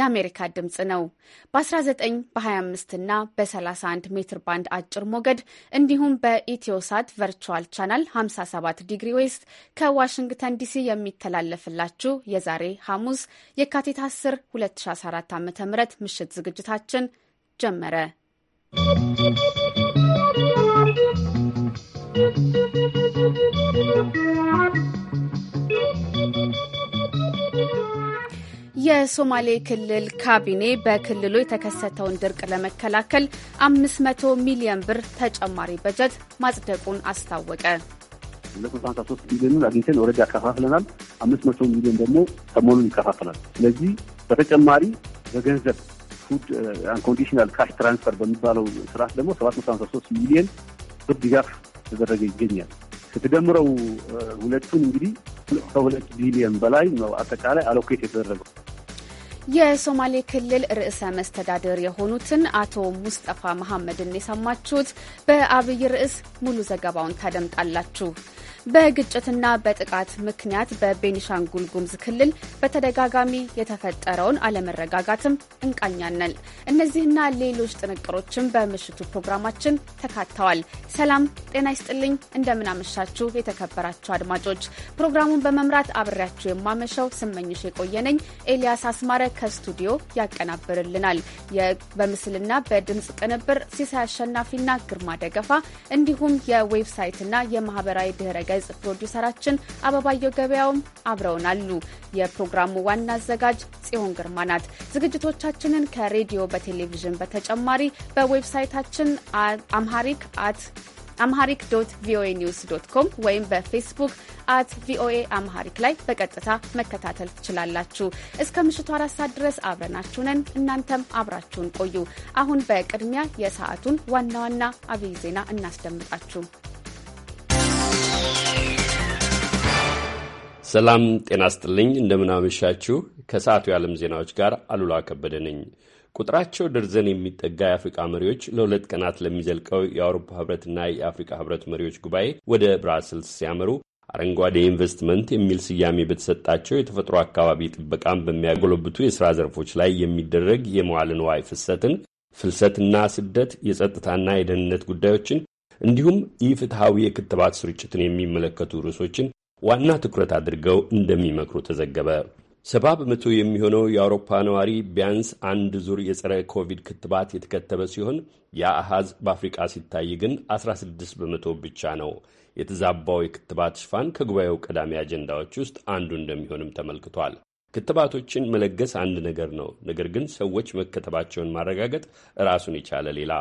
የአሜሪካ ድምፅ ነው። በ19 በ25 እና በ31 ሜትር ባንድ አጭር ሞገድ እንዲሁም በኢትዮሳት ቨርቹዋል ቻናል 57 ዲግሪ ዌስት ከዋሽንግተን ዲሲ የሚተላለፍላችሁ የዛሬ ሐሙስ የካቲት 10 2014 ዓ ም ምሽት ዝግጅታችን ጀመረ። ¶¶ የሶማሌ ክልል ካቢኔ በክልሉ የተከሰተውን ድርቅ ለመከላከል 500 ሚሊዮን ብር ተጨማሪ በጀት ማጽደቁን አስታወቀ። 253 ሚሊዮኑን አግኝተን ወረዳ ያከፋፍለናል። 500 ሚሊዮን ደግሞ ሰሞኑን ይከፋፍላል። ስለዚህ በተጨማሪ በገንዘብ ፉድ አንኮንዲሽናል ካሽ ትራንስፈር በሚባለው ስርዓት ደግሞ 753 ሚሊዮን ብር ድጋፍ ተደረገ ይገኛል። ስትደምረው ሁለቱን እንግዲህ ከሁለት ቢሊዮን በላይ ነው አጠቃላይ አሎኬት የተደረገው። የሶማሌ ክልል ርዕሰ መስተዳድር የሆኑትን አቶ ሙስጠፋ መሐመድን የሰማችሁት። በአብይ ርዕስ ሙሉ ዘገባውን ታደምጣላችሁ። በግጭትና በጥቃት ምክንያት በቤኒሻንጉል ጉሙዝ ክልል በተደጋጋሚ የተፈጠረውን አለመረጋጋትም እንቃኛለን። እነዚህና ሌሎች ጥንቅሮችን በምሽቱ ፕሮግራማችን ተካተዋል። ሰላም ጤና ይስጥልኝ። እንደምናመሻችሁ የተከበራችሁ አድማጮች፣ ፕሮግራሙን በመምራት አብሬያችሁ የማመሸው ስመኝሽ የቆየነኝ። ኤልያስ አስማረ ከስቱዲዮ ያቀናብርልናል። በምስልና በድምፅ ቅንብር ሲሳይ አሸናፊና ግርማ ደገፋ እንዲሁም የዌብሳይትና የማህበራዊ ድረ ድረገጽ ፕሮዲውሰራችን አበባየው ገበያውም አብረውን አሉ። የፕሮግራሙ ዋና አዘጋጅ ጽዮን ግርማ ናት። ዝግጅቶቻችንን ከሬዲዮ በቴሌቪዥን በተጨማሪ በዌብሳይታችን አምሃሪክ አት አምሃሪክ ዶት ቪኦኤ ኒውስ ዶት ኮም ወይም በፌስቡክ አት ቪኦኤ አምሃሪክ ላይ በቀጥታ መከታተል ትችላላችሁ። እስከ ምሽቱ አራት ሰዓት ድረስ አብረናችሁ ነን። እናንተም አብራችሁን ቆዩ። አሁን በቅድሚያ የሰዓቱን ዋና ዋና አብይ ዜና እናስደምጣችሁ። ሰላም ጤና ስጥልኝ። እንደምናመሻችሁ። ከሰዓቱ የዓለም ዜናዎች ጋር አሉላ ከበደ ነኝ። ቁጥራቸው ደርዘን የሚጠጋ የአፍሪቃ መሪዎች ለሁለት ቀናት ለሚዘልቀው የአውሮፓ ህብረትና የአፍሪቃ ህብረት መሪዎች ጉባኤ ወደ ብራስልስ ሲያመሩ አረንጓዴ ኢንቨስትመንት የሚል ስያሜ በተሰጣቸው የተፈጥሮ አካባቢ ጥበቃን በሚያጎለብቱ የሥራ ዘርፎች ላይ የሚደረግ የመዋለ ንዋይ ፍሰትን፣ ፍልሰትና ስደት፣ የጸጥታና የደህንነት ጉዳዮችን እንዲሁም ኢ-ፍትሐዊ የክትባት ስርጭትን የሚመለከቱ ርዕሶችን ዋና ትኩረት አድርገው እንደሚመክሩ ተዘገበ። ሰባ በመቶ የሚሆነው የአውሮፓ ነዋሪ ቢያንስ አንድ ዙር የጸረ ኮቪድ ክትባት የተከተበ ሲሆን ያ አሃዝ በአፍሪቃ ሲታይ ግን 16 በመቶ ብቻ ነው። የተዛባው የክትባት ሽፋን ከጉባኤው ቀዳሚ አጀንዳዎች ውስጥ አንዱ እንደሚሆንም ተመልክቷል። ክትባቶችን መለገስ አንድ ነገር ነው። ነገር ግን ሰዎች መከተባቸውን ማረጋገጥ ራሱን የቻለ ሌላ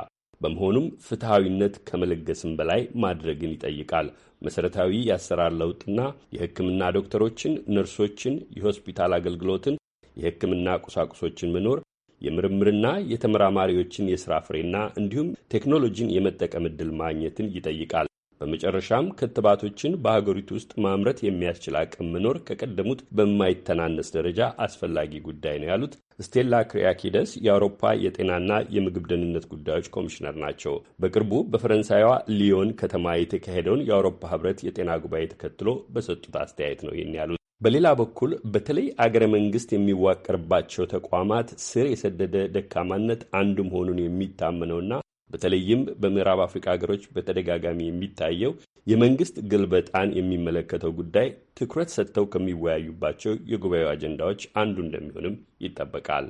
በመሆኑም ፍትሐዊነት ከመለገስም በላይ ማድረግን ይጠይቃል። መሰረታዊ የአሰራር ለውጥና የሕክምና ዶክተሮችን፣ ነርሶችን፣ የሆስፒታል አገልግሎትን፣ የሕክምና ቁሳቁሶችን መኖር፣ የምርምርና የተመራማሪዎችን የሥራ ፍሬና እንዲሁም ቴክኖሎጂን የመጠቀም ዕድል ማግኘትን ይጠይቃል። በመጨረሻም ክትባቶችን በሀገሪቱ ውስጥ ማምረት የሚያስችል አቅም መኖር ከቀደሙት በማይተናነስ ደረጃ አስፈላጊ ጉዳይ ነው ያሉት ስቴላ ክሪያኪደስ የአውሮፓ የጤናና የምግብ ደህንነት ጉዳዮች ኮሚሽነር ናቸው። በቅርቡ በፈረንሳይዋ ሊዮን ከተማ የተካሄደውን የአውሮፓ ህብረት የጤና ጉባኤ ተከትሎ በሰጡት አስተያየት ነው ይህን ያሉት። በሌላ በኩል በተለይ አገረ መንግስት የሚዋቀርባቸው ተቋማት ስር የሰደደ ደካማነት አንዱ መሆኑን የሚታመነውና በተለይም በምዕራብ አፍሪካ ሀገሮች በተደጋጋሚ የሚታየው የመንግስት ግልበጣን የሚመለከተው ጉዳይ ትኩረት ሰጥተው ከሚወያዩባቸው የጉባኤው አጀንዳዎች አንዱ እንደሚሆንም ይጠበቃል።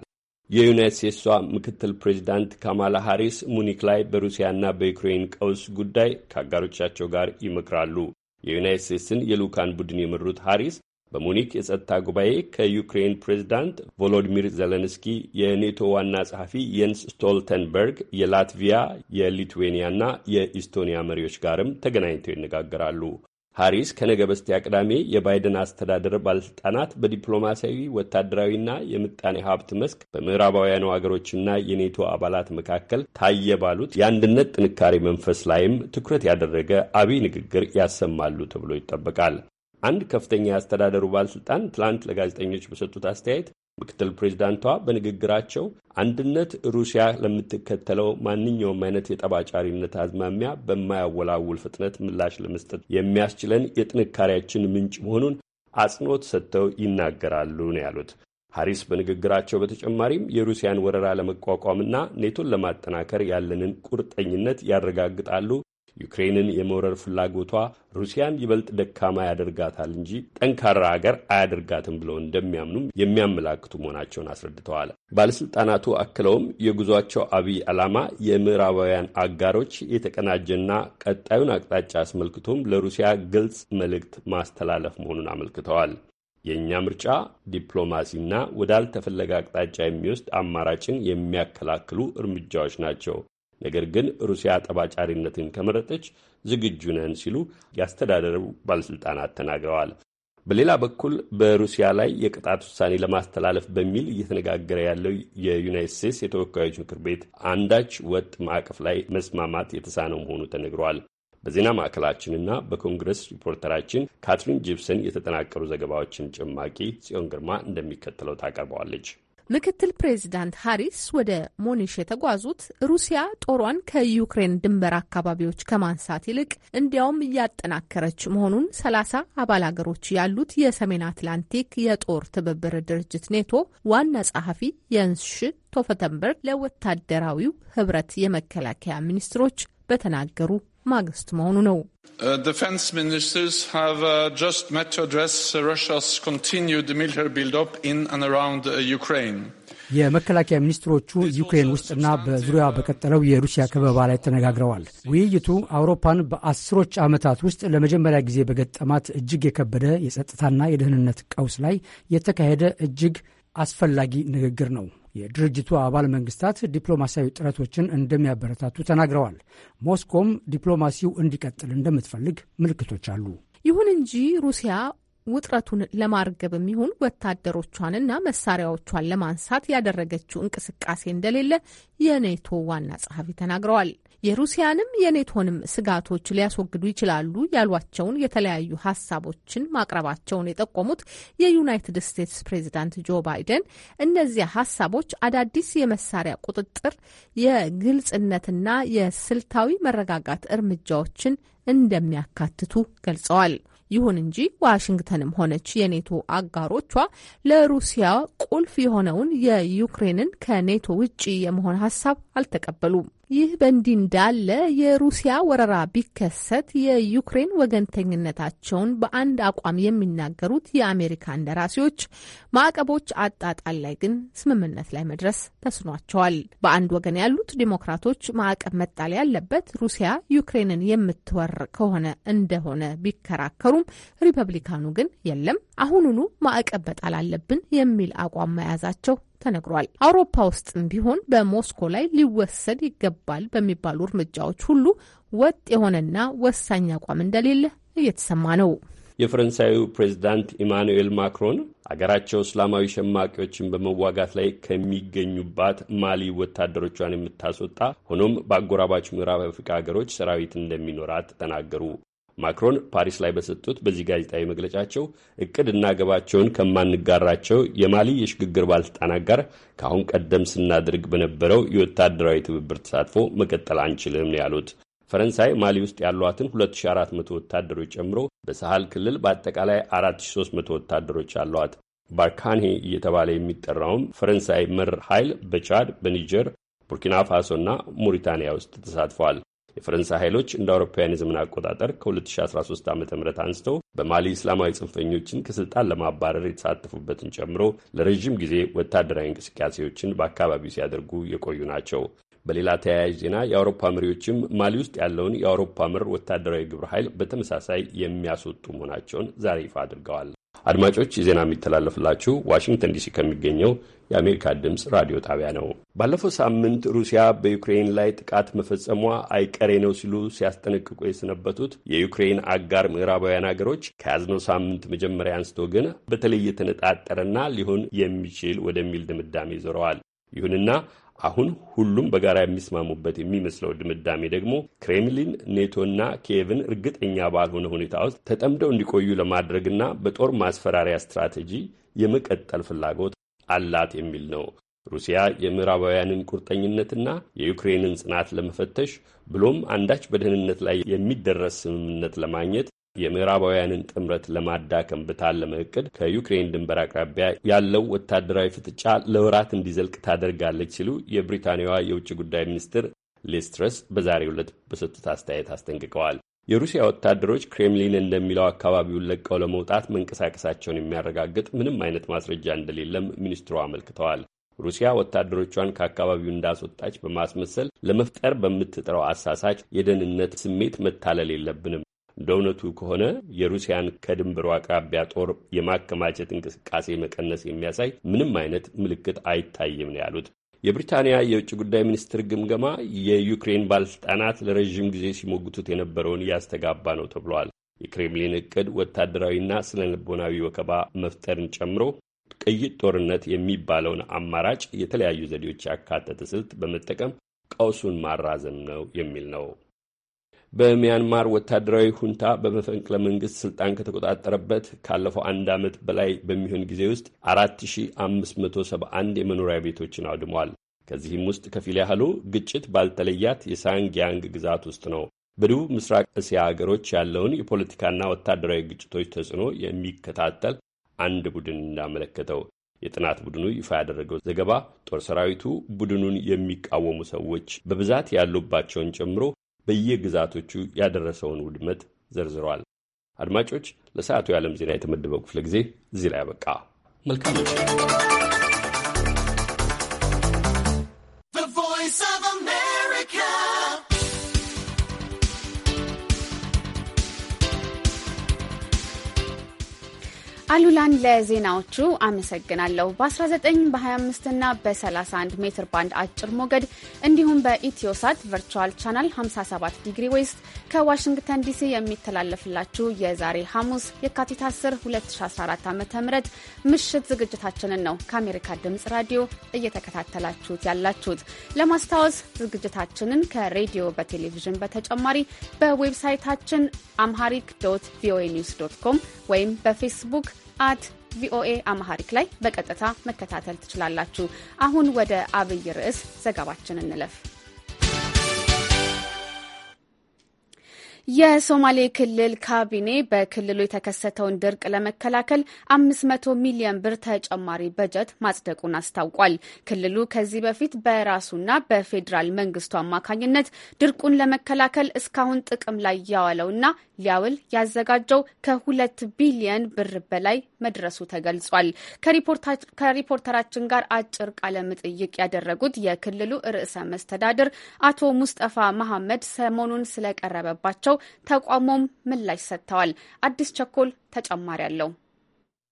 የዩናይት ስቴትሷ ምክትል ፕሬዚዳንት ካማላ ሃሪስ ሙኒክ ላይ በሩሲያና በዩክሬን ቀውስ ጉዳይ ከአጋሮቻቸው ጋር ይመክራሉ። የዩናይት ስቴትስን የልዑካን ቡድን የመሩት ሃሪስ በሙኒክ የጸጥታ ጉባኤ ከዩክሬን ፕሬዚዳንት ቮሎዲሚር ዘለንስኪ፣ የኔቶ ዋና ጸሐፊ የንስ ስቶልተንበርግ፣ የላትቪያ፣ የሊትዌኒያና የኢስቶኒያ መሪዎች ጋርም ተገናኝተው ይነጋገራሉ። ሃሪስ ከነገ በስቲያ ቅዳሜ የባይደን አስተዳደር ባለሥልጣናት በዲፕሎማሲያዊ ወታደራዊና የምጣኔ ሀብት መስክ በምዕራባውያኑ አገሮችና የኔቶ አባላት መካከል ታየ ባሉት የአንድነት ጥንካሬ መንፈስ ላይም ትኩረት ያደረገ አብይ ንግግር ያሰማሉ ተብሎ ይጠበቃል። አንድ ከፍተኛ የአስተዳደሩ ባለሥልጣን ትላንት ለጋዜጠኞች በሰጡት አስተያየት ምክትል ፕሬዚዳንቷ በንግግራቸው አንድነት ሩሲያ ለምትከተለው ማንኛውም አይነት የጠባጫሪነት አዝማሚያ በማያወላውል ፍጥነት ምላሽ ለመስጠት የሚያስችለን የጥንካሬያችን ምንጭ መሆኑን አጽንኦት ሰጥተው ይናገራሉ ነው ያሉት። ሀሪስ በንግግራቸው በተጨማሪም የሩሲያን ወረራ ለመቋቋምና ኔቶን ለማጠናከር ያለንን ቁርጠኝነት ያረጋግጣሉ ዩክሬንን የመውረር ፍላጎቷ ሩሲያን ይበልጥ ደካማ ያደርጋታል እንጂ ጠንካራ ሀገር አያደርጋትም ብለው እንደሚያምኑም የሚያመላክቱ መሆናቸውን አስረድተዋል። ባለስልጣናቱ አክለውም የጉዟቸው አብይ ዓላማ የምዕራባውያን አጋሮች የተቀናጀና ቀጣዩን አቅጣጫ አስመልክቶም ለሩሲያ ግልጽ መልእክት ማስተላለፍ መሆኑን አመልክተዋል። የእኛ ምርጫ ዲፕሎማሲና ወዳልተፈለገ አቅጣጫ የሚወስድ አማራጭን የሚያከላክሉ እርምጃዎች ናቸው ነገር ግን ሩሲያ ጠባጫሪነትን ከመረጠች ዝግጁ ነን ሲሉ የአስተዳደሩ ባለሥልጣናት ተናግረዋል። በሌላ በኩል በሩሲያ ላይ የቅጣት ውሳኔ ለማስተላለፍ በሚል እየተነጋገረ ያለው የዩናይት ስቴትስ የተወካዮች ምክር ቤት አንዳች ወጥ ማዕቀፍ ላይ መስማማት የተሳነው መሆኑ ተነግሯል። በዜና ማዕከላችንና በኮንግረስ ሪፖርተራችን ካትሪን ጂፕሰን የተጠናቀሩ ዘገባዎችን ጭማቂ ጽዮን ግርማ እንደሚከተለው ታቀርበዋለች። ምክትል ፕሬዚዳንት ሃሪስ ወደ ሞኒሽ የተጓዙት ሩሲያ ጦሯን ከዩክሬን ድንበር አካባቢዎች ከማንሳት ይልቅ እንዲያውም እያጠናከረች መሆኑን ሰላሳ አባል ሀገሮች ያሉት የሰሜን አትላንቲክ የጦር ትብብር ድርጅት ኔቶ ዋና ጸሐፊ የንስሽ ቶፈተንበርግ ለወታደራዊው ህብረት የመከላከያ ሚኒስትሮች በተናገሩ ማግስት መሆኑ ነው። uh, uh, uh, የመከላከያ ሚኒስትሮቹ ዩክሬን ውስጥና በዙሪያ በቀጠለው የሩሲያ ከበባ ላይ ተነጋግረዋል። ውይይቱ አውሮፓን በአስሮች ዓመታት ውስጥ ለመጀመሪያ ጊዜ በገጠማት እጅግ የከበደ የጸጥታና የደህንነት ቀውስ ላይ የተካሄደ እጅግ አስፈላጊ ንግግር ነው። የድርጅቱ አባል መንግስታት ዲፕሎማሲያዊ ጥረቶችን እንደሚያበረታቱ ተናግረዋል። ሞስኮም ዲፕሎማሲው እንዲቀጥል እንደምትፈልግ ምልክቶች አሉ። ይሁን እንጂ ሩሲያ ውጥረቱን ለማርገብ የሚሆን ወታደሮቿንና መሳሪያዎቿን ለማንሳት ያደረገችው እንቅስቃሴ እንደሌለ የኔቶ ዋና ጸሐፊ ተናግረዋል። የሩሲያንም የኔቶንም ስጋቶች ሊያስወግዱ ይችላሉ ያሏቸውን የተለያዩ ሀሳቦችን ማቅረባቸውን የጠቆሙት የዩናይትድ ስቴትስ ፕሬዚዳንት ጆ ባይደን እነዚያ ሀሳቦች አዳዲስ የመሳሪያ ቁጥጥር፣ የግልጽነትና የስልታዊ መረጋጋት እርምጃዎችን እንደሚያካትቱ ገልጸዋል። ይሁን እንጂ ዋሽንግተንም ሆነች የኔቶ አጋሮቿ ለሩሲያ ቁልፍ የሆነውን የዩክሬንን ከኔቶ ውጪ የመሆን ሀሳብ አልተቀበሉም። ይህ በእንዲህ እንዳለ የሩሲያ ወረራ ቢከሰት የዩክሬን ወገንተኝነታቸውን በአንድ አቋም የሚናገሩት የአሜሪካ እንደራሴዎች ማዕቀቦች አጣጣል ላይ ግን ስምምነት ላይ መድረስ ተስኗቸዋል። በአንድ ወገን ያሉት ዴሞክራቶች ማዕቀብ መጣል ያለበት ሩሲያ ዩክሬንን የምትወር ከሆነ እንደሆነ ቢከራከሩም፣ ሪፐብሊካኑ ግን የለም አሁኑኑ ማዕቀብ መጣል አለብን የሚል አቋም መያዛቸው ተነግሯል። አውሮፓ ውስጥም ቢሆን በሞስኮ ላይ ሊወሰድ ይገባል በሚባሉ እርምጃዎች ሁሉ ወጥ የሆነና ወሳኝ አቋም እንደሌለ እየተሰማ ነው። የፈረንሳዩ ፕሬዚዳንት ኢማኑኤል ማክሮን አገራቸው እስላማዊ ሸማቂዎችን በመዋጋት ላይ ከሚገኙባት ማሊ ወታደሮቿን የምታስወጣ ሆኖም በአጎራባች ምዕራብ አፍሪካ ሀገሮች ሰራዊት እንደሚኖራት ተናገሩ። ማክሮን ፓሪስ ላይ በሰጡት በዚህ ጋዜጣዊ መግለጫቸው እቅድና ገባቸውን ከማንጋራቸው የማሊ የሽግግር ባለስልጣናት ጋር ከአሁን ቀደም ስናድርግ በነበረው የወታደራዊ ትብብር ተሳትፎ መቀጠል አንችልም ያሉት። ፈረንሳይ ማሊ ውስጥ ያሏትን 2400 ወታደሮች ጨምሮ በሳሃል ክልል በአጠቃላይ 4300 ወታደሮች አሏት። ባርካኔ እየተባለ የሚጠራውም ፈረንሳይ መር ኃይል በቻድ፣ በኒጀር፣ ቡርኪና ፋሶ እና ሞሪታንያ ውስጥ ተሳትፏል። የፈረንሳይ ኃይሎች እንደ አውሮፓውያን የዘመን አቆጣጠር ከ2013 ዓ ም አንስተው በማሊ እስላማዊ ጽንፈኞችን ከስልጣን ለማባረር የተሳተፉበትን ጨምሮ ለረዥም ጊዜ ወታደራዊ እንቅስቃሴዎችን በአካባቢው ሲያደርጉ የቆዩ ናቸው። በሌላ ተያያዥ ዜና የአውሮፓ መሪዎችም ማሊ ውስጥ ያለውን የአውሮፓ ምር ወታደራዊ ግብረ ኃይል በተመሳሳይ የሚያስወጡ መሆናቸውን ዛሬ ይፋ አድርገዋል። አድማጮች ዜና የሚተላለፍላችሁ ዋሽንግተን ዲሲ ከሚገኘው የአሜሪካ ድምፅ ራዲዮ ጣቢያ ነው። ባለፈው ሳምንት ሩሲያ በዩክሬን ላይ ጥቃት መፈጸሟ አይቀሬ ነው ሲሉ ሲያስጠነቅቁ የሰነበቱት የዩክሬን አጋር ምዕራባውያን ሀገሮች ከያዝነው ሳምንት መጀመሪያ አንስቶ ግን በተለይ የተነጣጠረና ሊሆን የሚችል ወደሚል ድምዳሜ ዞረዋል። ይሁንና አሁን ሁሉም በጋራ የሚስማሙበት የሚመስለው ድምዳሜ ደግሞ ክሬምሊን ኔቶና ኪየቭን እርግጠኛ ባልሆነ ሁኔታ ውስጥ ተጠምደው እንዲቆዩ ለማድረግና በጦር ማስፈራሪያ ስትራቴጂ የመቀጠል ፍላጎት አላት የሚል ነው። ሩሲያ የምዕራባውያንን ቁርጠኝነትና የዩክሬንን ጽናት ለመፈተሽ ብሎም አንዳች በደህንነት ላይ የሚደረስ ስምምነት ለማግኘት የምዕራባውያንን ጥምረት ለማዳከም በታለመ ዕቅድ ከዩክሬን ድንበር አቅራቢያ ያለው ወታደራዊ ፍጥጫ ለወራት እንዲዘልቅ ታደርጋለች ሲሉ የብሪታንያዋ የውጭ ጉዳይ ሚኒስትር ሌስትረስ በዛሬው ዕለት በሰጡት አስተያየት አስጠንቅቀዋል። የሩሲያ ወታደሮች ክሬምሊን እንደሚለው አካባቢውን ለቀው ለመውጣት መንቀሳቀሳቸውን የሚያረጋግጥ ምንም አይነት ማስረጃ እንደሌለም ሚኒስትሩ አመልክተዋል። ሩሲያ ወታደሮቿን ከአካባቢው እንዳስወጣች በማስመሰል ለመፍጠር በምትጥረው አሳሳች የደህንነት ስሜት መታለል የለብንም። በእውነቱ ከሆነ የሩሲያን ከድንበሩ አቅራቢያ ጦር የማከማቸት እንቅስቃሴ መቀነስ የሚያሳይ ምንም አይነት ምልክት አይታይም ነው ያሉት። የብሪታንያ የውጭ ጉዳይ ሚኒስትር ግምገማ የዩክሬን ባለስልጣናት ለረዥም ጊዜ ሲሞግቱት የነበረውን እያስተጋባ ነው ተብሏል። የክሬምሊን እቅድ ወታደራዊና ስነ ልቦናዊ ወከባ መፍጠርን ጨምሮ ቅይጥ ጦርነት የሚባለውን አማራጭ የተለያዩ ዘዴዎች ያካተተ ስልት በመጠቀም ቀውሱን ማራዘም ነው የሚል ነው። በሚያንማር ወታደራዊ ሁንታ በመፈንቅለ መንግስት ስልጣን ከተቆጣጠረበት ካለፈው አንድ ዓመት በላይ በሚሆን ጊዜ ውስጥ 4571 የመኖሪያ ቤቶችን አውድሟል። ከዚህም ውስጥ ከፊል ያህሉ ግጭት ባልተለያት የሳንግያንግ ግዛት ውስጥ ነው። በደቡብ ምስራቅ እስያ አገሮች ያለውን የፖለቲካና ወታደራዊ ግጭቶች ተጽዕኖ የሚከታተል አንድ ቡድን እንዳመለከተው የጥናት ቡድኑ ይፋ ያደረገው ዘገባ ጦር ሰራዊቱ ቡድኑን የሚቃወሙ ሰዎች በብዛት ያሉባቸውን ጨምሮ በየግዛቶቹ ያደረሰውን ውድመት ዘርዝረዋል። አድማጮች፣ ለሰዓቱ የዓለም ዜና የተመደበው ክፍለ ጊዜ እዚህ ላይ አበቃ። መልካም አሉላን ለዜናዎቹ አመሰግናለሁ። በ19 በ25 እና በ31 ሜትር ባንድ አጭር ሞገድ እንዲሁም በኢትዮሳት ቨርቹዋል ቻናል 57 ዲግሪ ዌስት ከዋሽንግተን ዲሲ የሚተላለፍላችሁ የዛሬ ሐሙስ የካቲት 10 2014 ዓ ም ምሽት ዝግጅታችንን ነው ከአሜሪካ ድምፅ ራዲዮ እየተከታተላችሁት ያላችሁት። ለማስታወስ ዝግጅታችንን ከሬዲዮ በቴሌቪዥን በተጨማሪ በዌብሳይታችን አምሃሪክ ዶት ቪኦኤ ኒውስ ዶት ኮም ወይም በፌስቡክ አት ቪኦኤ አማሐሪክ ላይ በቀጥታ መከታተል ትችላላችሁ። አሁን ወደ አብይ ርዕስ ዘገባችን እንለፍ። የሶማሌ ክልል ካቢኔ በክልሉ የተከሰተውን ድርቅ ለመከላከል 500 ሚሊዮን ብር ተጨማሪ በጀት ማጽደቁን አስታውቋል። ክልሉ ከዚህ በፊት በራሱና በፌዴራል መንግስቱ አማካኝነት ድርቁን ለመከላከል እስካሁን ጥቅም ላይ ያዋለውና ሊያውል ያዘጋጀው ከሁለት ቢሊየን ብር በላይ መድረሱ ተገልጿል። ከሪፖርተራችን ጋር አጭር ቃለ መጠይቅ ያደረጉት የክልሉ ርዕሰ መስተዳድር አቶ ሙስጠፋ መሐመድ ሰሞኑን ስለቀረበባቸው ተቋሞም ምላሽ ሰጥተዋል። አዲስ ቸኮል ተጨማሪ አለው።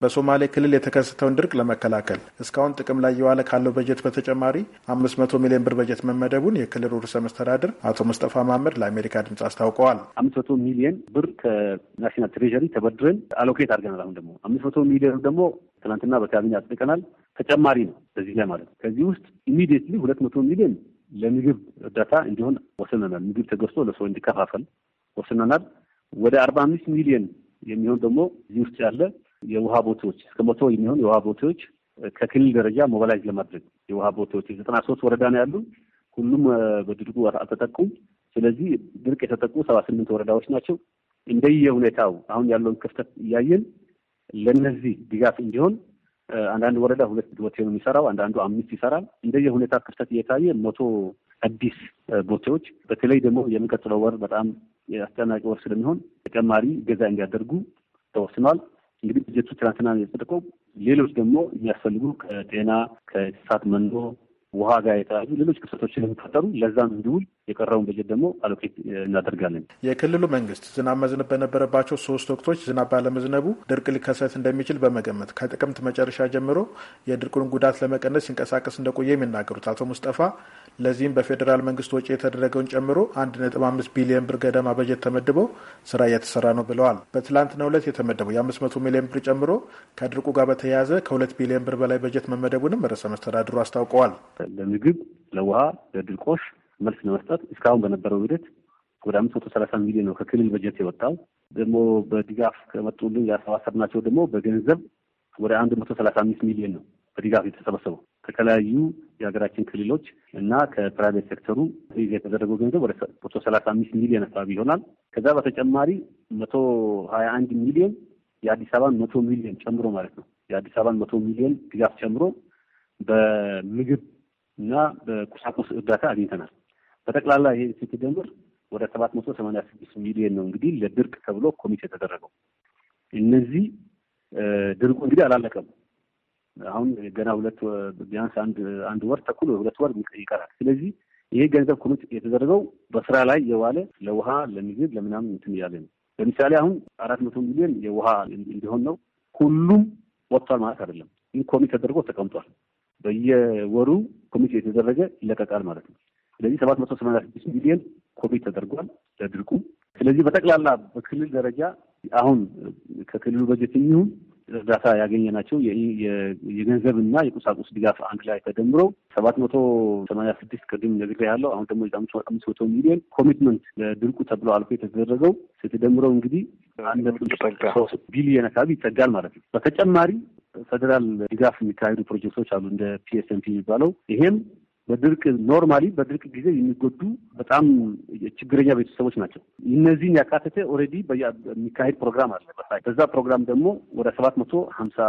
በሶማሌ ክልል የተከሰተውን ድርቅ ለመከላከል እስካሁን ጥቅም ላይ የዋለ ካለው በጀት በተጨማሪ አምስት መቶ ሚሊዮን ብር በጀት መመደቡን የክልሉ ርዕሰ መስተዳድር አቶ ሙስጠፋ መሀመድ ለአሜሪካ ድምጽ አስታውቀዋል። አምስት መቶ ሚሊዮን ብር ከናሽናል ትሬዥሪ ተበድረን አሎኬት አድርገናል። አሁን ደግሞ አምስት መቶ ሚሊዮን ደግሞ ትናንትና በካቢኔ አጽድቀናል። ተጨማሪ ነው በዚህ ላይ ማለት ነው። ከዚህ ውስጥ ኢሚዲየትሊ ሁለት መቶ ሚሊዮን ለምግብ እርዳታ እንዲሆን ወስነናል። ምግብ ተገዝቶ ለሰው እንዲከፋፈል ወስነናል። ወደ አርባ አምስት ሚሊዮን የሚሆን ደግሞ እዚህ ውስጥ ያለ የውሃ ቦቴዎች እስከ መቶ የሚሆን የውሃ ቦቴዎች ከክልል ደረጃ ሞባላይዝ ለማድረግ የውሃ ቦቴዎች ዘጠና ሶስት ወረዳ ነው ያሉ። ሁሉም በድርቁ አልተጠቁም። ስለዚህ ድርቅ የተጠቁ ሰባ ስምንት ወረዳዎች ናቸው። እንደየ ሁኔታው አሁን ያለውን ክፍተት እያየን ለእነዚህ ድጋፍ እንዲሆን አንዳንድ ወረዳ ሁለት ቦቴ ነው የሚሰራው፣ አንዳንዱ አምስት ይሰራል። እንደየ ሁኔታ ክፍተት እየታየ መቶ አዲስ ቦቴዎች በተለይ ደግሞ የሚቀጥለው ወር በጣም የአስጨናቂ ወር ስለሚሆን ተጨማሪ ገዛ እንዲያደርጉ ተወስኗል። እንግዲህ በጀቱ ትናንትና የጸደቀው ሌሎች ደግሞ የሚያስፈልጉ ከጤና ከእንስሳት መኖ ውሃ ጋር የተያዙ ሌሎች ክፍተቶችን የሚፈጠሩ ለዛም እንዲውል የቀረውን በጀት ደግሞ አሎኬት eh, እናደርጋለን። የክልሉ መንግስት ዝናብ መዝነብ በነበረባቸው ሶስት ወቅቶች ዝናብ ባለመዝነቡ ድርቅ ሊከሰት እንደሚችል በመገመት ከጥቅምት መጨረሻ ጀምሮ የድርቁን ጉዳት ለመቀነስ ሲንቀሳቀስ እንደቆየ የሚናገሩት አቶ ሙስጠፋ ለዚህም በፌዴራል መንግስት ወጪ የተደረገውን ጨምሮ 1.5 ቢሊዮን ብር ገደማ በጀት ተመድቦ ስራ እየተሰራ ነው ብለዋል። በትላንትናው ዕለት የተመደበው የ500 ሚሊዮን ብር ጨምሮ ከድርቁ ጋር በተያያዘ ከ2 ቢሊዮን ብር በላይ በጀት መመደቡንም ርዕሰ መስተዳድሩ አስታውቀዋል። ለምግብ፣ ለውሃ፣ ለድርቆሽ መልስ ለመስጠት እስካሁን በነበረው ሂደት ወደ አምስት መቶ ሰላሳ ሚሊዮን ነው ከክልል በጀት የወጣው። ደግሞ በድጋፍ ከመጡልን ያሰባሰብናቸው ደግሞ በገንዘብ ወደ አንድ መቶ ሰላሳ አምስት ሚሊዮን ነው በድጋፍ የተሰበሰበው ከተለያዩ የሀገራችን ክልሎች እና ከፕራይቬት ሴክተሩ የተደረገው ገንዘብ ወደ መቶ ሰላሳ አምስት ሚሊዮን አካባቢ ይሆናል። ከዛ በተጨማሪ መቶ ሀያ አንድ ሚሊዮን የአዲስ አበባን መቶ ሚሊዮን ጨምሮ ማለት ነው የአዲስ አበባን መቶ ሚሊዮን ድጋፍ ጨምሮ በምግብ እና በቁሳቁስ እርዳታ አግኝተናል። በጠቅላላ ይሄ ስትደምር ወደ ሰባት መቶ ሰማኒያ ስድስት ሚሊዮን ነው እንግዲህ ለድርቅ ተብሎ ኮሚቴ የተደረገው። እነዚህ ድርቁ እንግዲህ አላለቀም። አሁን ገና ሁለት ቢያንስ አንድ አንድ ወር ተኩል ሁለት ወር ይቀራል። ስለዚህ ይሄ ገንዘብ ኮሚት የተደረገው በስራ ላይ የዋለ ለውሃ፣ ለምግብ፣ ለምናምን እንትን እያለ ነው። ለምሳሌ አሁን አራት መቶ ሚሊዮን የውሃ እንዲሆን ነው። ሁሉም ወጥቷል ማለት አይደለም። ይህ ኮሚት ተደርጎ ተቀምጧል። በየወሩ ኮሚቴ የተደረገ ይለቀቃል ማለት ነው። ስለዚህ ሰባት መቶ ሰማንያ ስድስት ሚሊዮን ኮሚት ተደርጓል ለድርቁ። ስለዚህ በጠቅላላ በክልል ደረጃ አሁን ከክልሉ በጀት የሚሆን እርዳታ ያገኘናቸው የገንዘብና የቁሳቁስ ድጋፍ አንድ ላይ ተደምሮ ሰባት መቶ ሰማንያ ስድስት ቅድም ነግሬ ያለው አሁን ደግሞ አምስት መቶ ሚሊዮን ኮሚትመንት ለድርቁ ተብሎ አልፎ የተደረገው ስትደምረው እንግዲህ አንድ ሶስት ቢሊዮን አካባቢ ይጠጋል ማለት ነው። በተጨማሪ ፌዴራል ድጋፍ የሚካሄዱ ፕሮጀክቶች አሉ እንደ ፒኤስኤምፒ የሚባለው ይሄም በድርቅ ኖርማሊ በድርቅ ጊዜ የሚጎዱ በጣም ችግረኛ ቤተሰቦች ናቸው። እነዚህን ያካተተ ኦልሬዲ የሚካሄድ ፕሮግራም አለ። በዛ ፕሮግራም ደግሞ ወደ ሰባት መቶ ሀምሳ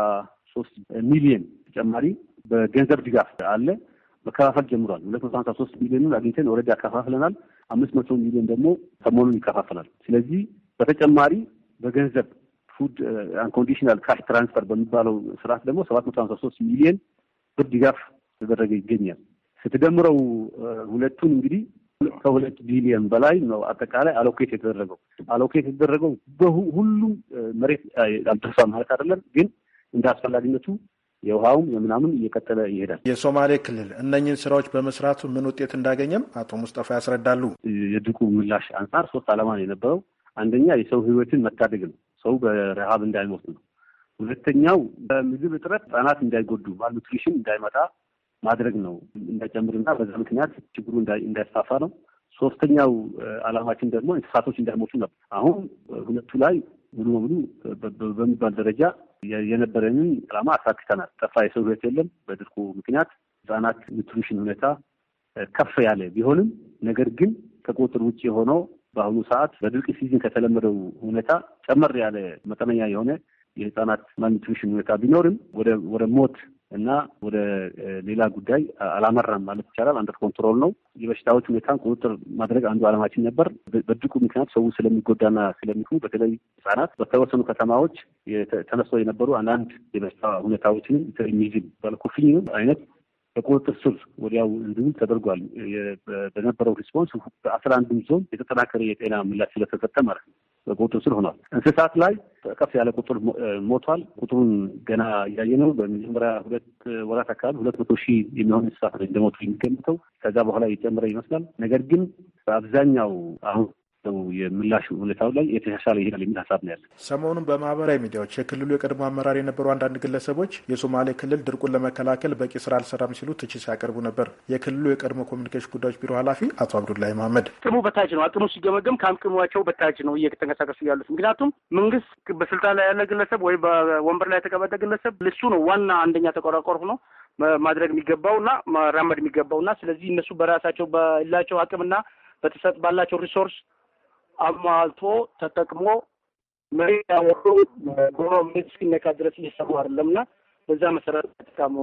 ሶስት ሚሊየን ተጨማሪ በገንዘብ ድጋፍ አለ መከፋፈል ጀምሯል። ሁለት መቶ ሀምሳ ሶስት ሚሊዮኑን አግኝተን ኦልሬዲ ያከፋፍለናል። አምስት መቶ ሚሊዮን ደግሞ ሰሞኑን ይከፋፈላል። ስለዚህ በተጨማሪ በገንዘብ ፉድ አንኮንዲሽናል ካሽ ትራንስፈር በሚባለው ስርዓት ደግሞ ሰባት መቶ ሀምሳ ሶስት ሚሊዮን ብር ድጋፍ ተደረገ ይገኛል። ስትደምረው ሁለቱን እንግዲህ ከሁለት ቢሊዮን በላይ ነው አጠቃላይ አሎኬት የተደረገው። አሎኬት የተደረገው በሁሉም መሬት አልደርሷ ማለት አይደለም፣ ግን እንደ አስፈላጊነቱ የውሃውም የምናምን እየቀጠለ ይሄዳል። የሶማሌ ክልል እነኝን ስራዎች በመስራቱ ምን ውጤት እንዳገኘም አቶ ሙስጠፋ ያስረዳሉ። የድርቁ ምላሽ አንጻር ሶስት ዓላማ ነው የነበረው። አንደኛ የሰው ህይወትን መታደግ ነው፣ ሰው በረሃብ እንዳይሞት ነው። ሁለተኛው በምግብ እጥረት ህጻናት እንዳይጎዱ ማልኑትሪሽን እንዳይመጣ ማድረግ ነው እንዳይጨምርና በዛ ምክንያት ችግሩ እንዳይስፋፋ ነው። ሶስተኛው አላማችን ደግሞ እንስሳቶች እንዳይሞቱ ነው። አሁን ሁለቱ ላይ ሙሉ በሙሉ በሚባል ደረጃ የነበረንን ዓላማ አሳክተናል። ጠፋ የሰው ህይወት የለም። በድርቁ ምክንያት ህጻናት ኒትሪሽን ሁኔታ ከፍ ያለ ቢሆንም ነገር ግን ከቁጥር ውጭ የሆነው በአሁኑ ሰዓት በድርቅ ሲዝን ከተለመደው ሁኔታ ጨመር ያለ መጠነኛ የሆነ የህጻናት ማልኒትሪሽን ሁኔታ ቢኖርም ወደ ሞት እና ወደ ሌላ ጉዳይ አላመራም ማለት ይቻላል። አንደር ኮንትሮል ነው። የበሽታዎች ሁኔታን ቁጥጥር ማድረግ አንዱ ዓላማችን ነበር። በድቁ ምክንያት ሰው ስለሚጎዳና ስለሚሁ በተለይ ህጻናት በተወሰኑ ከተማዎች ተነስቶ የነበሩ አንዳንድ የበሽታ ሁኔታዎችን ሚዝም ኩፍኝ አይነት በቁጥጥር ስር ወዲያው እንዲሁም ተደርጓል። በነበረው ሪስፖንስ በአስራ አንዱም ዞን የተጠናከረ የጤና ምላሽ ስለተሰጠ ማለት ነው። ቁጥር ስል ሆኗል። እንስሳት ላይ ከፍ ያለ ቁጥር ሞቷል። ቁጥሩን ገና እያየ ነው። በመጀመሪያ ሁለት ወራት አካባቢ ሁለት መቶ ሺህ የሚሆን እንስሳት ነው እንደሞቱ የሚገምተው። ከዛ በኋላ የጨመረ ይመስላል። ነገር ግን በአብዛኛው አሁን የምላሽ ሁኔታው ላይ የተሻሻለ ይሄዳል የሚል ሀሳብ ነው ያለን። ሰሞኑን በማህበራዊ ሚዲያዎች የክልሉ የቀድሞ አመራር የነበሩ አንዳንድ ግለሰቦች የሶማሌ ክልል ድርቁን ለመከላከል በቂ ስራ አልሰራም ሲሉ ትችት ሲያቀርቡ ነበር። የክልሉ የቀድሞ ኮሚኒኬሽን ጉዳዮች ቢሮ ኃላፊ አቶ አብዱላይ መሀመድ ጥሙ በታች ነው፣ አቅሙ ሲገመገም ከአቅሟቸው በታች ነው እየተንቀሳቀሱ ያሉት። ምክንያቱም መንግስት በስልጣን ላይ ያለ ግለሰብ ወይም በወንበር ላይ የተቀመጠ ግለሰብ ልሱ ነው ዋና አንደኛ ተቆራቆር ሆኖ ማድረግ የሚገባውና መራመድ የሚገባውና ስለዚህ እነሱ በራሳቸው በላቸው አቅምና በተሰጥ ባላቸው ሪሶርስ አሟልቶ ተጠቅሞ መሬት ያወሩ ጎሮ መሬት እስኪነካ ድረስ እየሰሩ አይደለምና በዛ መሰረት ተጠቃሞ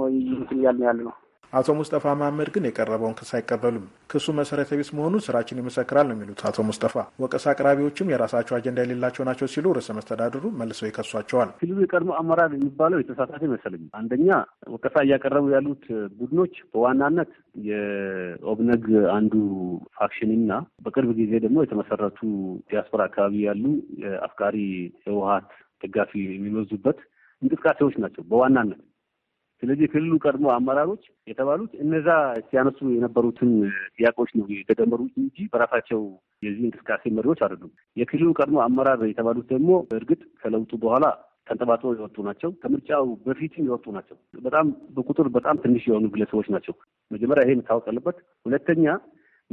ያልን ያለ ነው። አቶ ሙስጠፋ መሀመድ ግን የቀረበውን ክስ አይቀበሉም። ክሱ መሰረተ ቢስ መሆኑን ስራችን ይመሰክራል ነው የሚሉት አቶ ሙስጠፋ። ወቀሳ አቅራቢዎችም የራሳቸው አጀንዳ የሌላቸው ናቸው ሲሉ ርዕሰ መስተዳድሩ መልሰው ይከሷቸዋል። ክልሉ የቀድሞ አመራር የሚባለው የተሳሳተ መሰለኝ። አንደኛ ወቀሳ እያቀረቡ ያሉት ቡድኖች በዋናነት የኦብነግ አንዱ ፋክሽን በቅርብ ጊዜ ደግሞ የተመሰረቱ ዲያስፖራ አካባቢ ያሉ የአፍቃሪ ህወሀት ደጋፊ የሚመዙበት እንቅስቃሴዎች ናቸው በዋናነት ስለዚህ የክልሉ ቀድሞ አመራሮች የተባሉት እነዛ ሲያነሱ የነበሩትን ጥያቄዎች ነው የተደመሩት እንጂ በራሳቸው የዚህ እንቅስቃሴ መሪዎች አይደሉም። የክልሉ ቀድሞ አመራር የተባሉት ደግሞ በእርግጥ ከለውጡ በኋላ ተንጠባጥበው የወጡ ናቸው። ከምርጫው በፊትም የወጡ ናቸው። በጣም በቁጥር በጣም ትንሽ የሆኑ ግለሰቦች ናቸው። መጀመሪያ ይሄ መታወቅ አለበት። ሁለተኛ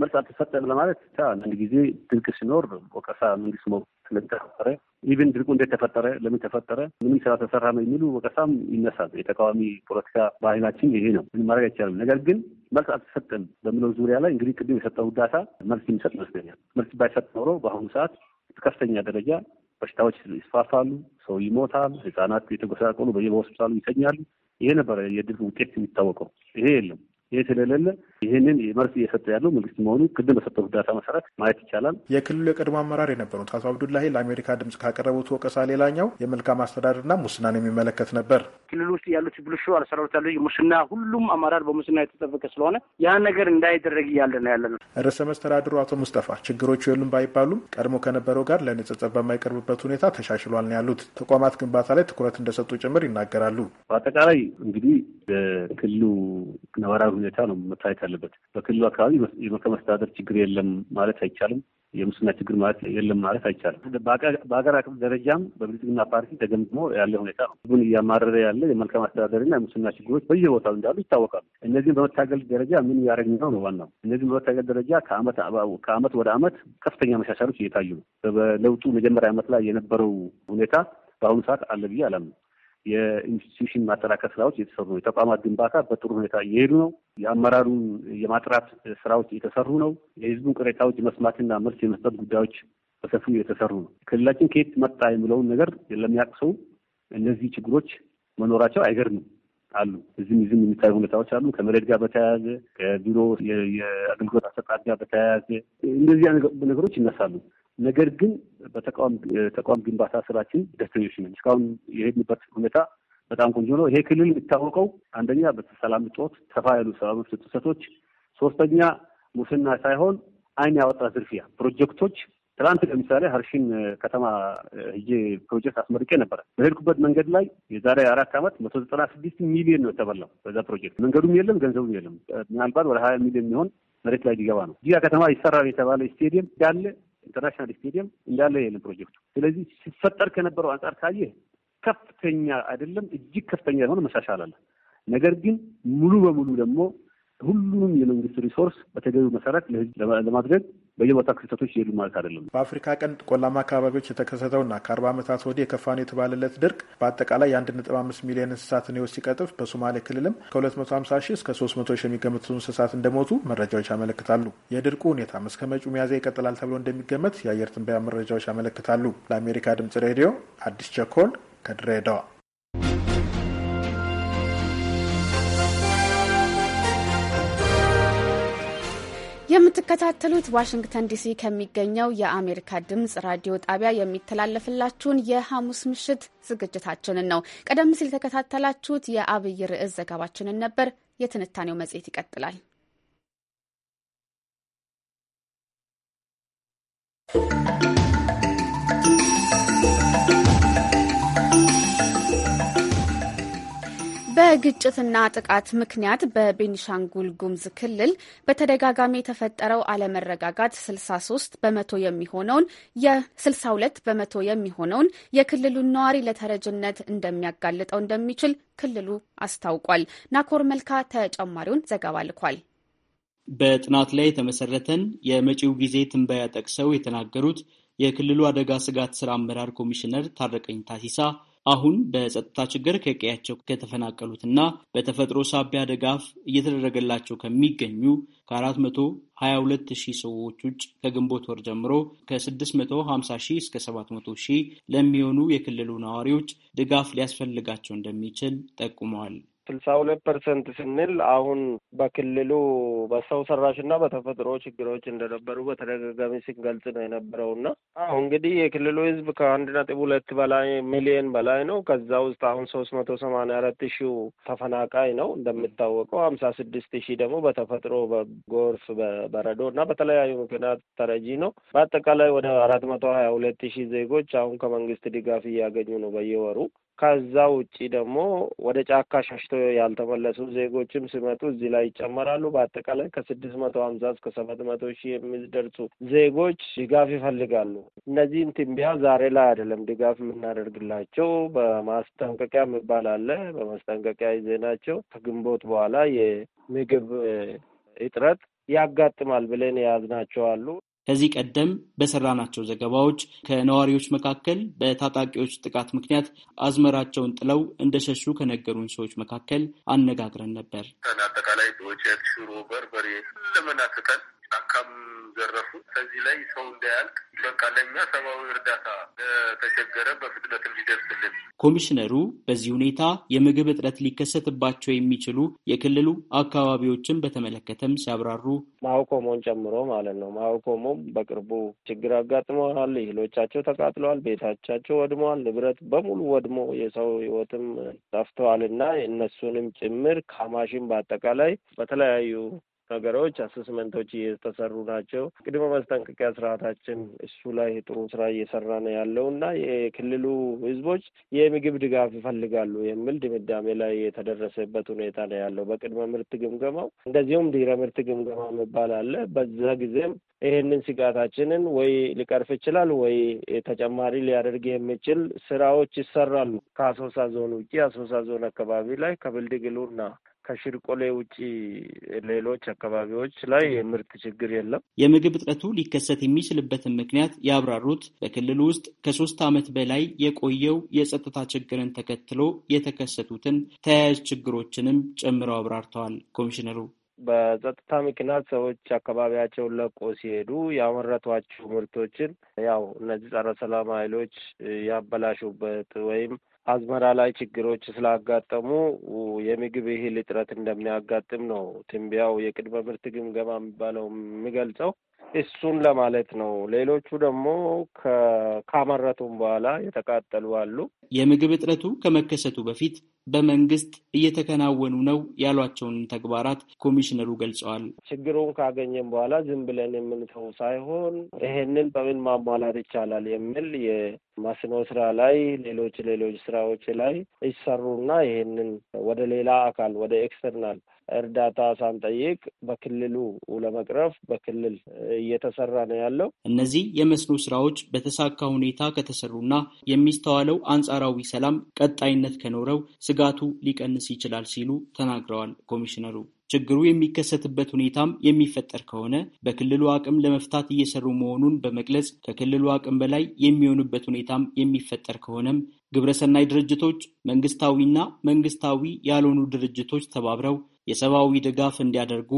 መልስ አልተሰጠም ለማለት ብቻ አንድ ጊዜ ድርቅ ሲኖር ወቀሳ መንግስት ሞ ስለተፈጠረ ኢቨን ድርቁ እንዴት ተፈጠረ፣ ለምን ተፈጠረ፣ ምንም ስራ ተሰራ ነው የሚሉ ወቀሳም ይነሳል። የተቃዋሚ ፖለቲካ ባህላችን ይሄ ነው። ምን ማድረግ አይቻልም። ነገር ግን መልስ አልተሰጠም በምለው ዙሪያ ላይ እንግዲህ ቅድም የሰጠው እርዳታ መልስ የሚሰጥ ይመስለኛል። መልስ ባይሰጥ ኖሮ በአሁኑ ሰዓት በከፍተኛ ደረጃ በሽታዎች ይስፋፋሉ፣ ሰው ይሞታል፣ ህጻናት የተጎሳቆሉ በየሆስፒታሉ ይተኛሉ። ይሄ ነበረ የድርቅ ውጤት የሚታወቀው። ይሄ የለም። ይህ ስለሌለ ይህንን መርስ እየሰጠ ያለው መንግስት መሆኑ ቅድም በሰጠው ዳታ መሰረት ማየት ይቻላል። የክልሉ የቀድሞ አመራር የነበሩት አቶ አብዱላሂ ለአሜሪካ ድምጽ ካቀረቡት ወቀሳ ሌላኛው የመልካም አስተዳደርና ሙስናን የሚመለከት ነበር። ክልሉ ውስጥ ያሉት ብልሹ አሰራሮች አሉ። ሙስና፣ ሁሉም አመራር በሙስና የተጠበቀ ስለሆነ ያን ነገር እንዳይደረግ እያለ ነው ያለ ነው። ርዕሰ መስተዳድሩ አቶ ሙስጠፋ ችግሮቹ የሉም ባይባሉም ቀድሞ ከነበረው ጋር ለንጽጽር በማይቀርብበት ሁኔታ ተሻሽሏል ነው ያሉት። ተቋማት ግንባታ ላይ ትኩረት እንደሰጡ ጭምር ይናገራሉ። በአጠቃላይ እንግዲህ በክልሉ ነባራዊ ሁኔታ ነው መታየት አለበት። በክልሉ አካባቢ የመልካም አስተዳደር ችግር የለም ማለት አይቻልም። የሙስና ችግር ማለት የለም ማለት አይቻልም። በሀገር አቅም ደረጃም በብልጽግና ፓርቲ ተገምግሞ ያለ ሁኔታ ነው። ህዝቡን እያማረረ ያለ የመልካም አስተዳደርና የሙስና ችግሮች በየቦታው እንዳሉ ይታወቃሉ። እነዚህም በመታገል ደረጃ ምን እያደረግን ነው ነው ዋናው። እነዚህም በመታገል ደረጃ ከአመት ወደ አመት ከፍተኛ መሻሻሎች እየታዩ ነው። በለውጡ መጀመሪያ ዓመት ላይ የነበረው ሁኔታ በአሁኑ ሰዓት አለ ብዬ አላምነው። የኢንስቲትዩሽን ማጠናከር ስራዎች እየተሰሩ ነው። የተቋማት ግንባታ በጥሩ ሁኔታ እየሄዱ ነው። የአመራሩን የማጥራት ስራዎች እየተሰሩ ነው። የህዝቡን ቅሬታዎች መስማትና መልስ የመስጠት ጉዳዮች በሰፊው እየተሰሩ ነው። ክልላችን ከየት መጣ የሚለውን ነገር ለሚያውቅ ሰው እነዚህ ችግሮች መኖራቸው አይገርምም። አሉ እዚህም እዚህም የሚታዩ ሁኔታዎች አሉ። ከመሬት ጋር በተያያዘ ከቢሮ የአገልግሎት አሰጣጥ ጋር በተያያዘ እንደዚህ ነገሮች ይነሳሉ። ነገር ግን በተቋም ግንባታ ስራችን ደስተኞች ነን። እስካሁን የሄድንበት ሁኔታ በጣም ቆንጆ ነው። ይሄ ክልል የሚታወቀው አንደኛ በሰላም እጦት፣ ሰፋ ያሉ ሰብአዊ መብት ጥሰቶች፣ ሶስተኛ ሙስና ሳይሆን አይን ያወጣ ዝርፊያ ፕሮጀክቶች ትላንት ለምሳሌ ሀርሽን ከተማ ሄጄ ፕሮጀክት አስመርቄ ነበረ። በሄድኩበት መንገድ ላይ የዛሬ አራት ዓመት መቶ ዘጠና ስድስት ሚሊዮን ነው የተበላው በዛ ፕሮጀክት። መንገዱም የለም ገንዘቡም የለም። ምናልባት ወደ ሀያ ሚሊዮን የሚሆን መሬት ላይ ሊገባ ነው። እዚህ ከተማ ይሰራል የተባለ ስቴዲየም ያለ ኢንተርናሽናል ስቴዲየም እንዳለ የለም ፕሮጀክቱ። ስለዚህ ሲፈጠር ከነበረው አንጻር ካየ ከፍተኛ አይደለም እጅግ ከፍተኛ የሆነ መሻሻል አለ። ነገር ግን ሙሉ በሙሉ ደግሞ ሁሉንም የመንግስት ሪሶርስ በተገቢ መሰረት ለህዝብ ለማድረግ በየቦታ ክስተቶች የሉ ማለት አይደለም። በአፍሪካ ቀንድ ቆላማ አካባቢዎች የተከሰተውና ከአርባ ዓመታት ወዲህ የከፋ ነው የተባለለት ድርቅ በአጠቃላይ የአንድ ነጥብ አምስት ሚሊዮን እንስሳትን ህይወት ሲቀጥፍ በሶማሌ ክልልም ከሁለት መቶ ሀምሳ ሺህ እስከ ሶስት መቶ ሺህ የሚገመቱ እንስሳት እንደሞቱ መረጃዎች ያመለክታሉ። የድርቁ ሁኔታ እስከ መጪው ሚያዝያ ይቀጥላል ተብሎ እንደሚገመት የአየር ትንበያ መረጃዎች ያመለክታሉ። ለአሜሪካ ድምጽ ሬዲዮ አዲስ ቸኮል ከድሬዳዋ የምትከታተሉት ዋሽንግተን ዲሲ ከሚገኘው የአሜሪካ ድምፅ ራዲዮ ጣቢያ የሚተላለፍላችሁን የሐሙስ ምሽት ዝግጅታችንን ነው። ቀደም ሲል የተከታተላችሁት የአብይ ርዕስ ዘገባችንን ነበር። የትንታኔው መጽሔት ይቀጥላል። you. በግጭትና ጥቃት ምክንያት በቤኒሻንጉል ጉምዝ ክልል በተደጋጋሚ የተፈጠረው አለመረጋጋት 63 በመቶ የሚሆነውን የ62 በመቶ የሚሆነውን የክልሉን ነዋሪ ለተረጅነት እንደሚያጋልጠው እንደሚችል ክልሉ አስታውቋል። ናኮር መልካ ተጨማሪውን ዘገባ ልኳል። በጥናት ላይ የተመሰረተን የመጪው ጊዜ ትንበያ ጠቅሰው የተናገሩት የክልሉ አደጋ ስጋት ስራ አመራር ኮሚሽነር ታረቀኝ ታሲሳ አሁን በጸጥታ ችግር ከቀያቸው ከተፈናቀሉትና በተፈጥሮ ሳቢያ ድጋፍ እየተደረገላቸው ከሚገኙ ከ422 ሺህ ሰዎች ውጭ ከግንቦት ወር ጀምሮ ከ650 ሺህ እስከ 700 ሺህ ለሚሆኑ የክልሉ ነዋሪዎች ድጋፍ ሊያስፈልጋቸው እንደሚችል ጠቁመዋል። ስልሳ ሁለት ፐርሰንት ስንል አሁን በክልሉ በሰው ሰራሽ ሰራሽና በተፈጥሮ ችግሮች እንደነበሩ በተደጋጋሚ ሲገልጽ ነው የነበረው እና አሁ እንግዲህ የክልሉ ህዝብ ከአንድ ነጥብ ሁለት በላይ ሚሊየን በላይ ነው። ከዛ ውስጥ አሁን ሶስት መቶ ሰማንያ አራት ሺው ተፈናቃይ ነው እንደሚታወቀው፣ ሀምሳ ስድስት ሺህ ደግሞ በተፈጥሮ በጎርፍ በበረዶ እና በተለያዩ ምክንያት ተረጂ ነው። በአጠቃላይ ወደ አራት መቶ ሀያ ሁለት ሺህ ዜጎች አሁን ከመንግስት ድጋፍ እያገኙ ነው በየወሩ ከዛ ውጪ ደግሞ ወደ ጫካ ሸሽቶ ያልተመለሱ ዜጎችም ሲመጡ እዚህ ላይ ይጨመራሉ። በአጠቃላይ ከስድስት መቶ ሀምሳ እስከ ሰባት መቶ ሺህ የሚደርሱ ዜጎች ድጋፍ ይፈልጋሉ። እነዚህን ትንቢያ ዛሬ ላይ አይደለም ድጋፍ የምናደርግላቸው በማስጠንቀቂያ የሚባል አለ። በማስጠንቀቂያ ይዜናቸው ከግንቦት በኋላ የምግብ እጥረት ያጋጥማል ብለን የያዝናቸው አሉ። ከዚህ ቀደም በሰራናቸው ዘገባዎች ከነዋሪዎች መካከል በታጣቂዎች ጥቃት ምክንያት አዝመራቸውን ጥለው እንደሸሹ ከነገሩን ሰዎች መካከል አነጋግረን ነበር። አጠቃላይ ዶቼት፣ ሽሮ፣ በርበሬ ለምን የሚዘረፉት። ከዚህ ላይ ሰው እንዳያልቅ በቃ ለእኛ ሰብአዊ እርዳታ ለተቸገረ በፍጥነት እንዲደርስልን። ኮሚሽነሩ በዚህ ሁኔታ የምግብ እጥረት ሊከሰትባቸው የሚችሉ የክልሉ አካባቢዎችን በተመለከተም ሲያብራሩ ማውኮሞን ጨምሮ ማለት ነው። ማውኮሞም በቅርቡ ችግር አጋጥመዋል። እህሎቻቸው ተቃጥለዋል፣ ቤታቻቸው ወድመዋል፣ ንብረት በሙሉ ወድሞ የሰው ህይወትም ጠፍተዋል እና እነሱንም ጭምር ካማሽን በአጠቃላይ በተለያዩ ነገሮች አሰስመንቶች እየተሰሩ ናቸው። ቅድመ ማስጠንቀቂያ ስርዓታችን እሱ ላይ ጥሩ ስራ እየሰራ ነው ያለው እና የክልሉ ህዝቦች የምግብ ድጋፍ ይፈልጋሉ የሚል ድምዳሜ ላይ የተደረሰበት ሁኔታ ነው ያለው በቅድመ ምርት ግምገማው። እንደዚሁም ድህረ ምርት ግምገማ የሚባል አለ። በዛ ጊዜም ይህንን ስጋታችንን ወይ ሊቀርፍ ይችላል ወይ ተጨማሪ ሊያደርግ የሚችል ስራዎች ይሰራሉ። ከአሶሳ ዞን ውጭ አሶሳ ዞን አካባቢ ላይ ከብልድግሉና ከሽርቆሌ ውጪ ሌሎች አካባቢዎች ላይ የምርት ችግር የለም። የምግብ እጥረቱ ሊከሰት የሚችልበትን ምክንያት ያብራሩት በክልሉ ውስጥ ከሶስት ዓመት በላይ የቆየው የጸጥታ ችግርን ተከትሎ የተከሰቱትን ተያያዥ ችግሮችንም ጨምረው አብራርተዋል። ኮሚሽነሩ በጸጥታ ምክንያት ሰዎች አካባቢያቸውን ለቆ ሲሄዱ ያመረቷቸው ምርቶችን ያው እነዚህ ጸረ ሰላም ኃይሎች ያበላሹበት ወይም አዝመራ ላይ ችግሮች ስላጋጠሙ የምግብ እህል እጥረት እንደሚያጋጥም ነው ትንቢያው የቅድመ ምርት ግምገማ የሚባለው የሚገልጸው። እሱን ለማለት ነው። ሌሎቹ ደግሞ ካመረቱም በኋላ የተቃጠሉ አሉ። የምግብ እጥረቱ ከመከሰቱ በፊት በመንግስት እየተከናወኑ ነው ያሏቸውን ተግባራት ኮሚሽነሩ ገልጸዋል። ችግሩን ካገኘን በኋላ ዝም ብለን የምንተው ሳይሆን ይሄንን በምን ማሟላት ይቻላል የሚል መስኖ ስራ ላይ ሌሎች ሌሎች ስራዎች ላይ ይሰሩና ይሄንን ወደ ሌላ አካል ወደ ኤክስተርናል እርዳታ ሳንጠይቅ በክልሉ ለመቅረፍ በክልል እየተሰራ ነው ያለው። እነዚህ የመስኖ ስራዎች በተሳካ ሁኔታ ከተሰሩና የሚስተዋለው አንጻራዊ ሰላም ቀጣይነት ከኖረው ስጋቱ ሊቀንስ ይችላል ሲሉ ተናግረዋል ኮሚሽነሩ። ችግሩ የሚከሰትበት ሁኔታም የሚፈጠር ከሆነ በክልሉ አቅም ለመፍታት እየሰሩ መሆኑን በመግለጽ ከክልሉ አቅም በላይ የሚሆንበት ሁኔታም የሚፈጠር ከሆነም ግብረሰናይ ድርጅቶች፣ መንግስታዊና መንግስታዊ ያልሆኑ ድርጅቶች ተባብረው የሰብአዊ ድጋፍ እንዲያደርጉ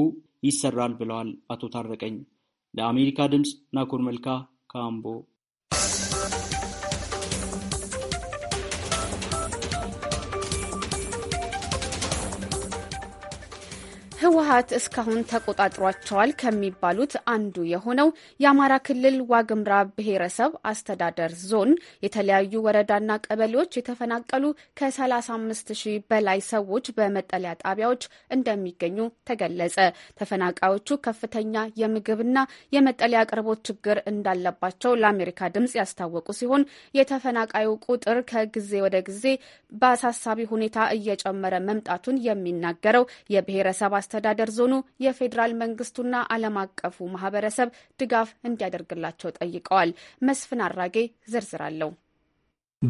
ይሰራል ብለዋል አቶ ታረቀኝ። ለአሜሪካ ድምፅ ናኮር መልካ ካምቦ ህወሀት እስካሁን ተቆጣጥሯቸዋል ከሚባሉት አንዱ የሆነው የአማራ ክልል ዋግምራ ብሔረሰብ አስተዳደር ዞን የተለያዩ ወረዳና ቀበሌዎች የተፈናቀሉ ከ35 ሺህ በላይ ሰዎች በመጠለያ ጣቢያዎች እንደሚገኙ ተገለጸ። ተፈናቃዮቹ ከፍተኛ የምግብና የመጠለያ አቅርቦት ችግር እንዳለባቸው ለአሜሪካ ድምጽ ያስታወቁ ሲሆን የተፈናቃዩ ቁጥር ከጊዜ ወደ ጊዜ በአሳሳቢ ሁኔታ እየጨመረ መምጣቱን የሚናገረው የብሔረሰብ አስተዳደር ዞኑ የፌዴራል መንግስቱና ዓለም አቀፉ ማህበረሰብ ድጋፍ እንዲያደርግላቸው ጠይቀዋል። መስፍን አራጌ ዝርዝር አለው።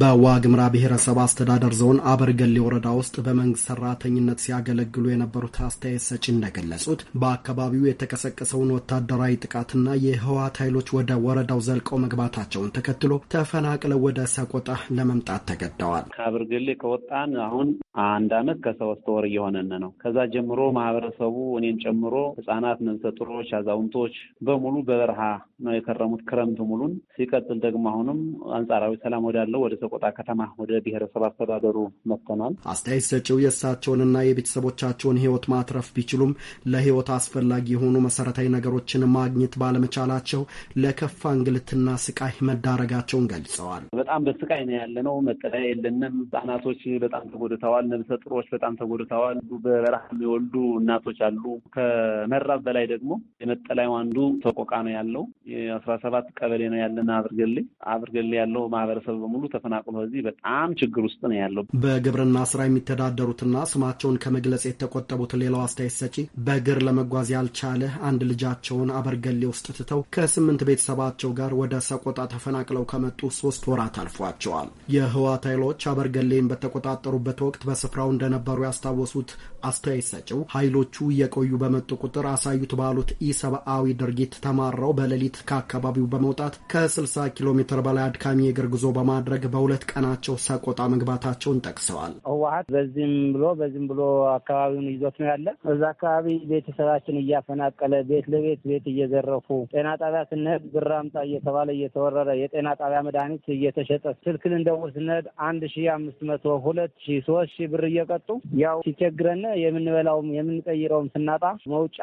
በዋግምራ ብሔረሰብ አስተዳደር ዞን አበርገሌ ወረዳ ውስጥ በመንግስት ሰራተኝነት ሲያገለግሉ የነበሩት አስተያየት ሰጪ እንደገለጹት በአካባቢው የተቀሰቀሰውን ወታደራዊ ጥቃትና የህወሓት ኃይሎች ወደ ወረዳው ዘልቀው መግባታቸውን ተከትሎ ተፈናቅለው ወደ ሰቆጣ ለመምጣት ተገደዋል። ከአበርገሌ ከወጣን አሁን አንድ አመት ከሰወስተ ወር እየሆነን ነው። ከዛ ጀምሮ ማህበረሰቡ እኔን ጨምሮ ህጻናት፣ ነፍሰ ጡሮች፣ አዛውንቶች በሙሉ በበረሃ ነው የከረሙት ክረምት ሙሉን። ሲቀጥል ደግሞ አሁንም አንጻራዊ ሰላም ወዳለው ወደ ሰቆጣ ከተማ ወደ ብሔረሰብ አስተዳደሩ መጥተናል። አስተያየት ሰጪው የእሳቸውንና የቤተሰቦቻቸውን ህይወት ማትረፍ ቢችሉም ለህይወት አስፈላጊ የሆኑ መሰረታዊ ነገሮችን ማግኘት ባለመቻላቸው ለከፋ እንግልትና ስቃይ መዳረጋቸውን ገልጸዋል። በጣም በስቃይ ነው ያለነው። መጠለያ የለንም። ህጻናቶች በጣም ተጎድተዋል። ነብሰ ጥሮች በጣም ተጎድተዋል። በበረሃ የሚወልዱ እናቶች አሉ። ከመራብ በላይ ደግሞ የመጠለያው አንዱ ሰቆቃ ነው ያለው። የአስራ ሰባት ቀበሌ ነው ያለን አብርገሌ አብርገሌ ያለው ማህበረሰብ በሙሉ ተፈና ተፈናቅሎ እዚህ በጣም ችግር ውስጥ ነው ያለው። በግብርና ስራ የሚተዳደሩትና ስማቸውን ከመግለጽ የተቆጠቡት ሌላው አስተያየት ሰጪ በእግር ለመጓዝ ያልቻለ አንድ ልጃቸውን አበርገሌ ውስጥ ትተው ከስምንት ቤተሰባቸው ጋር ወደ ሰቆጣ ተፈናቅለው ከመጡ ሶስት ወራት አልፏቸዋል። የህወሓት ኃይሎች አበርገሌን በተቆጣጠሩበት ወቅት በስፍራው እንደነበሩ ያስታወሱት አስተያየት ሰጪው ኃይሎቹ እየቆዩ በመጡ ቁጥር አሳዩት ባሉት ኢሰብአዊ ድርጊት ተማረው በሌሊት ከአካባቢው በመውጣት ከ60 ኪሎ ሜትር በላይ አድካሚ የእግር ጉዞ በማድረግ በሁለት ቀናቸው ሰቆጣ መግባታቸውን ጠቅሰዋል። ህወሀት በዚህም ብሎ በዚህም ብሎ አካባቢውን ይዞት ነው ያለ። እዛ አካባቢ ቤተሰባችን እያፈናቀለ ቤት ለቤት ቤት እየዘረፉ ጤና ጣቢያ ስንሄድ ብር አምጣ እየተባለ እየተወረረ የጤና ጣቢያ መድኃኒት እየተሸጠ ስልክ ልንደውል ስንሄድ አንድ ሺ አምስት መቶ ሁለት ሺ ሶስት ሺ ብር እየቀጡ ያው ሲቸግረን የምንበላውም የምንቀይረውም ስናጣ መውጫ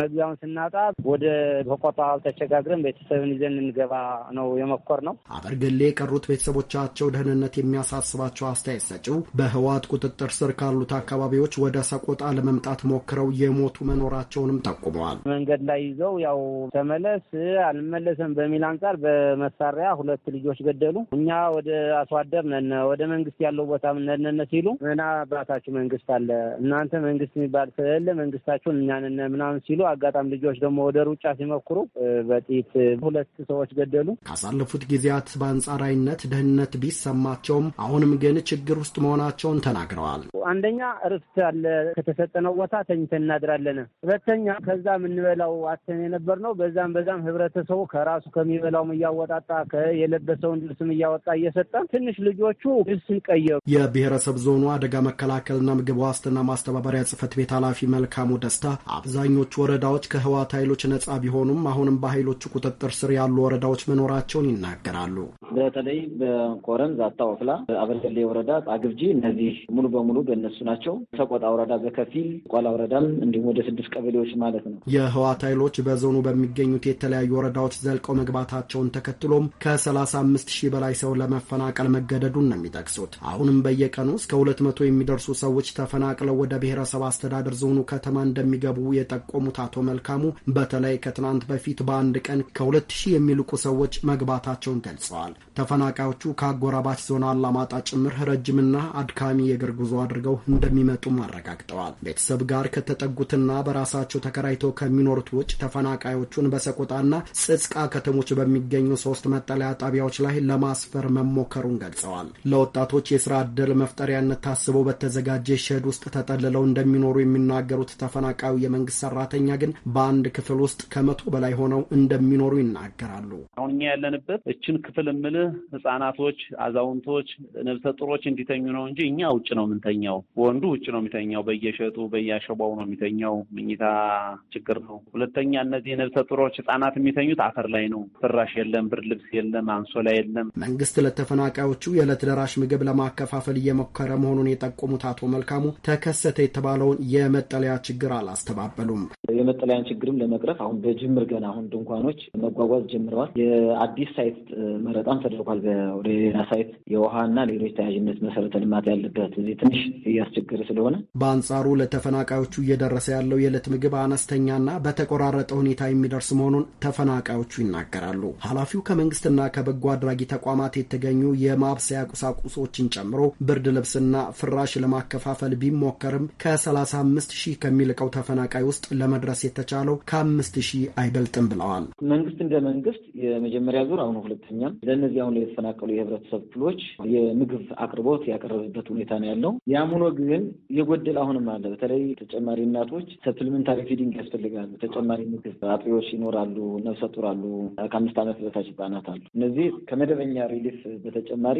መግቢያውን ስናጣ ወደ በቆጣ ተቸጋግረን ቤተሰብን ይዘን እንገባ ነው የመኮር ነው። አበርግሌ የቀሩት ቤተሰብ ቤተሰቦቻቸው ደህንነት የሚያሳስባቸው አስተያየት ሰጪው በህወሓት ቁጥጥር ስር ካሉት አካባቢዎች ወደ ሰቆጣ ለመምጣት ሞክረው የሞቱ መኖራቸውንም ጠቁመዋል። መንገድ ላይ ይዘው ያው ተመለስ አልመለስም በሚል አንጻር በመሳሪያ ሁለት ልጆች ገደሉ። እኛ ወደ አርሶ አደር ነን ወደ መንግስት ያለው ቦታ ነነነ ሲሉ እና አባታችሁ መንግስት አለ እናንተ መንግስት የሚባል ስለሌለ መንግስታችሁን እኛ ምናምን ሲሉ አጋጣሚ ልጆች ደግሞ ወደ ሩጫ ሲመክሩ በጥይት ሁለት ሰዎች ገደሉ። ካሳለፉት ጊዜያት በአንጻራዊነት ደህንነት ቢሰማቸውም አሁንም ግን ችግር ውስጥ መሆናቸውን ተናግረዋል። አንደኛ እርፍት አለ። ከተሰጠነው ቦታ ተኝተን እናድራለን። ሁለተኛ ከዛ የምንበላው አተን የነበር ነው። በዛም በዛም ህብረተሰቡ ከራሱ ከሚበላውም እያወጣጣ የለበሰውን ልብስም እያወጣ እየሰጠ ትንሽ ልጆቹ ልብስን ቀየሩ። የብሔረሰብ ዞኑ አደጋ መከላከልና ምግብ ዋስትና ማስተባበሪያ ጽህፈት ቤት ኃላፊ መልካሙ ደስታ አብዛኞቹ ወረዳዎች ከህዋት ኃይሎች ነጻ ቢሆኑም አሁንም በኃይሎቹ ቁጥጥር ስር ያሉ ወረዳዎች መኖራቸውን ይናገራሉ። በተለይ ኮረም፣ ዛታ፣ ወፍላ፣ አበርገሌ ወረዳ፣ አግብጂ፣ እነዚህ ሙሉ በሙሉ በእነሱ ናቸው። ሰቆጣ ወረዳ በከፊል ቋላ ወረዳም እንዲሁም ወደ ስድስት ቀበሌዎች ማለት ነው። የህዋት ኃይሎች በዞኑ በሚገኙት የተለያዩ ወረዳዎች ዘልቀው መግባታቸውን ተከትሎም ከሰላሳ አምስት ሺህ በላይ ሰው ለመፈናቀል መገደዱን ነው የሚጠቅሱት። አሁንም በየቀኑ እስከ ሁለት መቶ የሚደርሱ ሰዎች ተፈናቅለው ወደ ብሔረሰብ አስተዳደር ዞኑ ከተማ እንደሚገቡ የጠቆሙት አቶ መልካሙ በተለይ ከትናንት በፊት በአንድ ቀን ከሁለት ሺህ የሚልቁ ሰዎች መግባታቸውን ገልጸዋል። ተፈናቃዮቹ ቡድኖቹ ከአጎራባች ዞን አላማጣ ጭምር ረጅምና አድካሚ የእግር ጉዞ አድርገው እንደሚመጡም አረጋግጠዋል። ቤተሰብ ጋር ከተጠጉትና በራሳቸው ተከራይተው ከሚኖሩት ውጭ ተፈናቃዮቹን በሰቆጣና ጽጽቃ ከተሞች በሚገኙ ሶስት መጠለያ ጣቢያዎች ላይ ለማስፈር መሞከሩን ገልጸዋል። ለወጣቶች የስራ እድል መፍጠሪያነት ታስበው በተዘጋጀ ሸድ ውስጥ ተጠልለው እንደሚኖሩ የሚናገሩት ተፈናቃዩ የመንግስት ሰራተኛ ግን በአንድ ክፍል ውስጥ ከመቶ በላይ ሆነው እንደሚኖሩ ይናገራሉ። አሁን እኛ ያለንበት እችን ክፍል እምልህ ህጻና ህጻናቶች፣ አዛውንቶች፣ ነብሰ ጡሮች እንዲተኙ ነው እንጂ እኛ ውጭ ነው የምንተኛው። ወንዱ ውጭ ነው የሚተኛው። በየሸጡ በየአሸባው ነው የሚተኛው። ምኝታ ችግር ነው። ሁለተኛ እነዚህ ነብሰ ጡሮች፣ ህጻናት የሚተኙት አፈር ላይ ነው። ፍራሽ የለም፣ ብርድ ልብስ የለም፣ አንሶላ የለም። መንግስት ለተፈናቃዮቹ የዕለት ደራሽ ምግብ ለማከፋፈል እየሞከረ መሆኑን የጠቆሙት አቶ መልካሙ ተከሰተ የተባለውን የመጠለያ ችግር አላስተባበሉም። የመጠለያን ችግርም ለመቅረፍ አሁን በጅምር ገና አሁን ድንኳኖች መጓጓዝ ጀምረዋል። የአዲስ ሳይት መረጣም ተደርጓል። ወደ ሌላ ሳይት የውሃና ሌሎች ተያዥነት መሰረተ ልማት ያለበት እዚህ ትንሽ እያስቸገረ ስለሆነ በአንጻሩ ለተፈናቃዮቹ እየደረሰ ያለው የዕለት ምግብ አነስተኛና በተቆራረጠ ሁኔታ የሚደርስ መሆኑን ተፈናቃዮቹ ይናገራሉ። ኃላፊው ከመንግስትና ከበጎ አድራጊ ተቋማት የተገኙ የማብሰያ ቁሳቁሶችን ጨምሮ ብርድ ልብስና ፍራሽ ለማከፋፈል ቢሞከርም ከ35 ሺህ ከሚልቀው ተፈናቃይ ውስጥ ለመድረስ የተቻለው ከአምስት ሺህ አይበልጥም ብለዋል። መንግስት እንደ መንግስት የመጀመሪያ ዙር አሁኑ ሁለተኛም ለእነዚህ አሁን የተፈናቀሉ የህብረተሰብ ክፍሎች የምግብ አቅርቦት ያቀረበበት ሁኔታ ነው ያለው። ያም ሆኖ ግን የጎደል አሁንም አለ። በተለይ ተጨማሪ እናቶች ሰፕሊመንታሪ ፊዲንግ ያስፈልጋሉ። ተጨማሪ ምግብ አጥሪዎች ይኖራሉ፣ ነፍሰ ጡር አሉ፣ ከአምስት ዓመት በታች ህጻናት አሉ። እነዚህ ከመደበኛ ሪሊፍ በተጨማሪ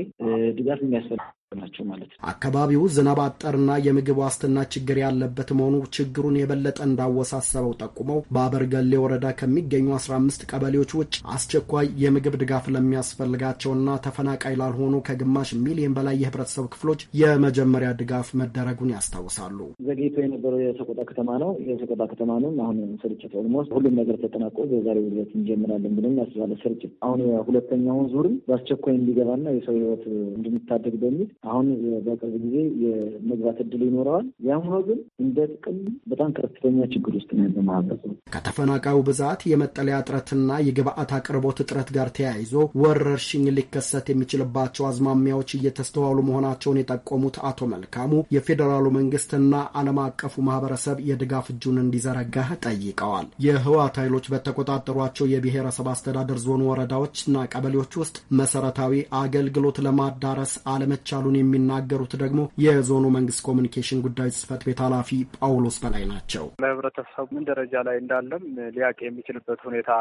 ድጋፍ የሚያስፈልግ ናቸው ማለት ነው። አካባቢው ዝናብ አጠርና የምግብ ዋስትና ችግር ያለበት መሆኑ ችግሩን የበለጠ እንዳወሳሰበው ጠቁመው በአበርገሌ ወረዳ ከሚገኙ አስራ አምስት ቀበሌዎች ውጭ አስቸኳይ የምግብ ድጋፍ ለሚያስፈልጋቸውና ተፈናቃይ ላልሆኑ ከግማሽ ሚሊዮን በላይ የህብረተሰብ ክፍሎች የመጀመሪያ ድጋፍ መደረጉን ያስታውሳሉ። ዘግይቶ የነበረው የሰቆጣ ከተማ ነው። የሰቆጣ ከተማ ነው አሁን ስርጭት ኦልሞስት ሁሉም ነገር ተጠናቆ በዛሬ ዕለት እንጀምራለን ብለን ያስባለ ስርጭት አሁን የሁለተኛውን ዙርም በአስቸኳይ እንዲገባና የሰው ህይወት እንድንታደግ በሚል አሁን በቅርብ ጊዜ የመግባት እድል ይኖረዋል። ያም ሆኖ ግን እንደ ጥቅም በጣም ከፍተኛ ችግር ውስጥ ነው ያለ ማህበረሰቡ። ከተፈናቃዩ ብዛት የመጠለያ እጥረትና የግብአት አቅርቦት እጥረት ጋር ተያይዞ ወረርሽኝ ሊከሰት መከሰት የሚችልባቸው አዝማሚያዎች እየተስተዋሉ መሆናቸውን የጠቆሙት አቶ መልካሙ የፌዴራሉ መንግስትና ዓለም አቀፉ ማህበረሰብ የድጋፍ እጁን እንዲዘረጋ ጠይቀዋል። የህወሓት ኃይሎች በተቆጣጠሯቸው የብሔረሰብ አስተዳደር ዞን ወረዳዎችና ቀበሌዎች ውስጥ መሰረታዊ አገልግሎት ለማዳረስ አለመቻሉን የሚናገሩት ደግሞ የዞኑ መንግስት ኮሚኒኬሽን ጉዳዮች ጽህፈት ቤት ኃላፊ ጳውሎስ በላይ ናቸው። በህብረተሰቡ ምን ደረጃ ላይ እንዳለም ሊያቅ የሚችልበት ሁኔታ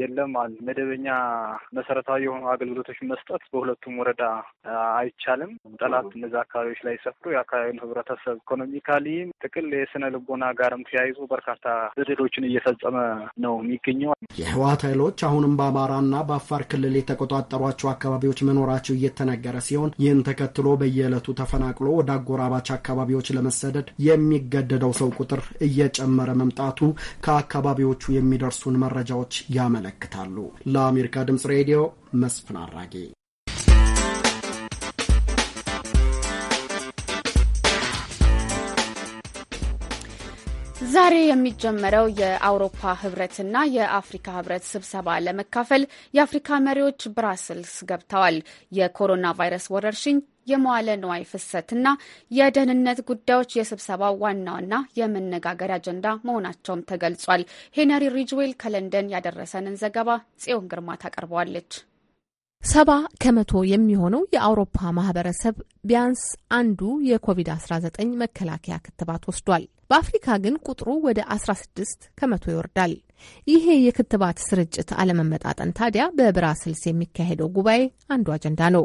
የለም መደበኛ መሰረታዊ የሆኑ አገልግሎቶች መስጠት በሁለቱም ወረዳ አይቻልም። ጠላት እነዚ አካባቢዎች ላይ ሰፍሮ የአካባቢውን ህብረተሰብ ኢኮኖሚካሊ ጥቅል የስነ ልቦና ጋርም ተያይዞ በርካታ በደሎችን እየፈጸመ ነው የሚገኘው። የህወሀት ኃይሎች አሁንም በአማራና በአፋር ክልል የተቆጣጠሯቸው አካባቢዎች መኖራቸው እየተነገረ ሲሆን ይህን ተከትሎ በየዕለቱ ተፈናቅሎ ወደ አጎራባች አካባቢዎች ለመሰደድ የሚገደደው ሰው ቁጥር እየጨመረ መምጣቱ ከአካባቢዎቹ የሚደርሱን መረጃዎች ያመ ያመለክታሉ። ለአሜሪካ ድምፅ ሬዲዮ መስፍን አራጌ ዛሬ የሚጀመረው የአውሮፓ ህብረትና የአፍሪካ ህብረት ስብሰባ ለመካፈል የአፍሪካ መሪዎች ብራስልስ ገብተዋል። የኮሮና ቫይረስ ወረርሽኝ የመዋለ ንዋይ ፍሰትና የደህንነት ጉዳዮች የስብሰባው ዋና ዋና የመነጋገር አጀንዳ መሆናቸውም ተገልጿል። ሄነሪ ሪጅዌል ከለንደን ያደረሰንን ዘገባ ጽዮን ግርማ ታቀርበዋለች። ሰባ ከመቶ የሚሆነው የአውሮፓ ማህበረሰብ ቢያንስ አንዱ የኮቪድ-19 መከላከያ ክትባት ወስዷል። በአፍሪካ ግን ቁጥሩ ወደ 16 ከመቶ ይወርዳል። ይሄ የክትባት ስርጭት አለመመጣጠን ታዲያ በብራስልስ የሚካሄደው ጉባኤ አንዱ አጀንዳ ነው።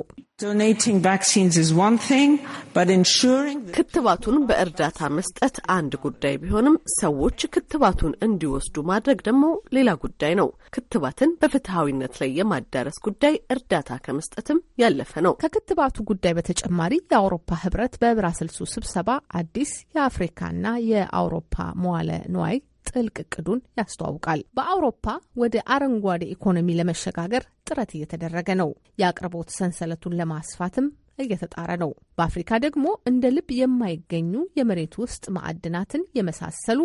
ክትባቱን በእርዳታ መስጠት አንድ ጉዳይ ቢሆንም ሰዎች ክትባቱን እንዲወስዱ ማድረግ ደግሞ ሌላ ጉዳይ ነው። ክትባትን በፍትሐዊነት ላይ የማዳረስ ጉዳይ እርዳታ ከመስጠትም ያለፈ ነው። ከክትባቱ ጉዳይ በተጨማሪ የአውሮፓ ህብረት በብራስልሱ ስብሰባ አዲስ የአፍሪካና የ የአውሮፓ መዋለ ንዋይ ጥልቅ እቅዱን ያስተዋውቃል። በአውሮፓ ወደ አረንጓዴ ኢኮኖሚ ለመሸጋገር ጥረት እየተደረገ ነው። የአቅርቦት ሰንሰለቱን ለማስፋትም እየተጣረ ነው። በአፍሪካ ደግሞ እንደ ልብ የማይገኙ የመሬት ውስጥ ማዕድናትን የመሳሰሉ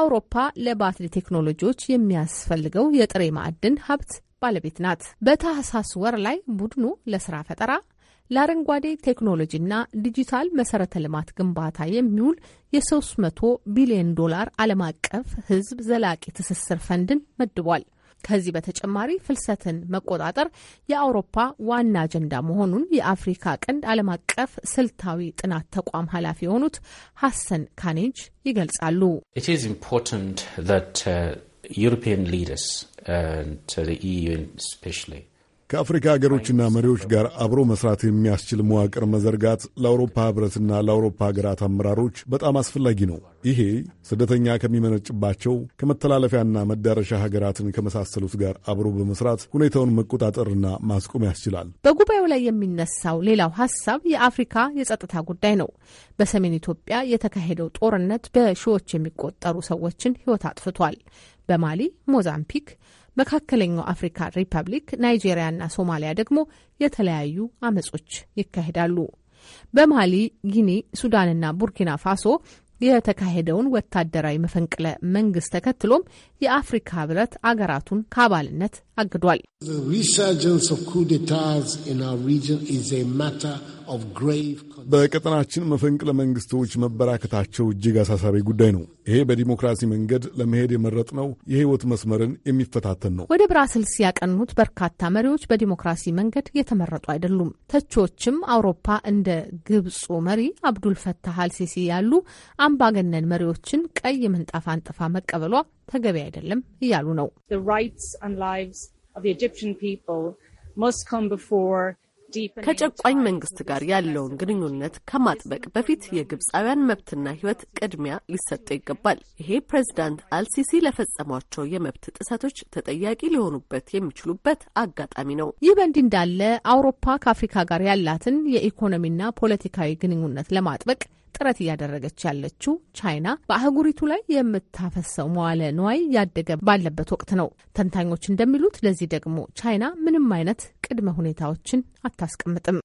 አውሮፓ ለባትሪ ቴክኖሎጂዎች የሚያስፈልገው የጥሬ ማዕድን ሀብት ባለቤት ናት። በታህሳስ ወር ላይ ቡድኑ ለስራ ፈጠራ ለአረንጓዴ ቴክኖሎጂና ዲጂታል መሰረተ ልማት ግንባታ የሚውል የ300 ቢሊዮን ዶላር ዓለም አቀፍ ሕዝብ ዘላቂ ትስስር ፈንድን መድቧል። ከዚህ በተጨማሪ ፍልሰትን መቆጣጠር የአውሮፓ ዋና አጀንዳ መሆኑን የአፍሪካ ቀንድ ዓለም አቀፍ ስልታዊ ጥናት ተቋም ኃላፊ የሆኑት ሀሰን ካኔጅ ይገልጻሉ። ዩሮፒያን ሊደርስ ከአፍሪካ ሀገሮችና መሪዎች ጋር አብሮ መስራት የሚያስችል መዋቅር መዘርጋት ለአውሮፓ ህብረትና ለአውሮፓ ሀገራት አመራሮች በጣም አስፈላጊ ነው። ይሄ ስደተኛ ከሚመነጭባቸው ከመተላለፊያና መዳረሻ ሀገራትን ከመሳሰሉት ጋር አብሮ በመስራት ሁኔታውን መቆጣጠርና ማስቆም ያስችላል። በጉባኤው ላይ የሚነሳው ሌላው ሀሳብ የአፍሪካ የጸጥታ ጉዳይ ነው። በሰሜን ኢትዮጵያ የተካሄደው ጦርነት በሺዎች የሚቆጠሩ ሰዎችን ህይወት አጥፍቷል። በማሊ ሞዛምፒክ መካከለኛው አፍሪካ ሪፐብሊክ፣ ናይጄሪያና ሶማሊያ ደግሞ የተለያዩ አመጾች ይካሄዳሉ። በማሊ፣ ጊኒ፣ ሱዳንና ቡርኪና ፋሶ የተካሄደውን ወታደራዊ መፈንቅለ መንግስት ተከትሎም የአፍሪካ ህብረት አገራቱን ከአባልነት አግዷል። በቀጠናችን መፈንቅለ መንግስቶች መበራከታቸው እጅግ አሳሳቢ ጉዳይ ነው። ይሄ በዲሞክራሲ መንገድ ለመሄድ የመረጥነው የህይወት መስመርን የሚፈታተን ነው። ወደ ብራስልስ ያቀኑት በርካታ መሪዎች በዲሞክራሲ መንገድ የተመረጡ አይደሉም። ተቺዎችም አውሮፓ እንደ ግብፁ መሪ አብዱል ፈታህ አልሲሲ ያሉ አምባገነን መሪዎችን ቀይ ምንጣፍ አንጥፋ መቀበሏ ተገቢ አይደለም እያሉ ነው። ከጨቋኝ መንግስት ጋር ያለውን ግንኙነት ከማጥበቅ በፊት የግብፃውያን መብትና ሕይወት ቅድሚያ ሊሰጠው ይገባል። ይሄ ፕሬዚዳንት አልሲሲ ለፈጸሟቸው የመብት ጥሰቶች ተጠያቂ ሊሆኑበት የሚችሉበት አጋጣሚ ነው። ይህ በእንዲህ እንዳለ አውሮፓ ከአፍሪካ ጋር ያላትን የኢኮኖሚና ፖለቲካዊ ግንኙነት ለማጥበቅ ጥረት እያደረገች ያለችው ቻይና በአህጉሪቱ ላይ የምታፈሰው መዋለ ንዋይ ያደገ ባለበት ወቅት ነው። ተንታኞች እንደሚሉት ለዚህ ደግሞ ቻይና ምንም አይነት ቅድመ ሁኔታዎችን አታስቀምጥም።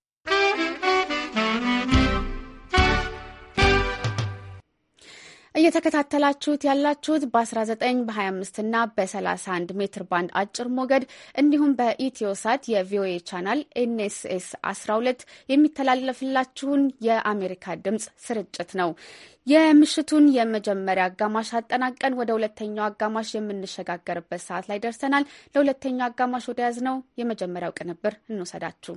እየተከታተላችሁት ያላችሁት በ19 በ25 እና በ31 ሜትር ባንድ አጭር ሞገድ እንዲሁም በኢትዮሳት የቪኦኤ ቻናል ኤንኤስኤስ 12 የሚተላለፍላችሁን የአሜሪካ ድምጽ ስርጭት ነው። የምሽቱን የመጀመሪያ አጋማሽ አጠናቀን ወደ ሁለተኛው አጋማሽ የምንሸጋገርበት ሰዓት ላይ ደርሰናል። ለሁለተኛው አጋማሽ ወደ ነው የመጀመሪያው ቅንብር እንውሰዳችሁ።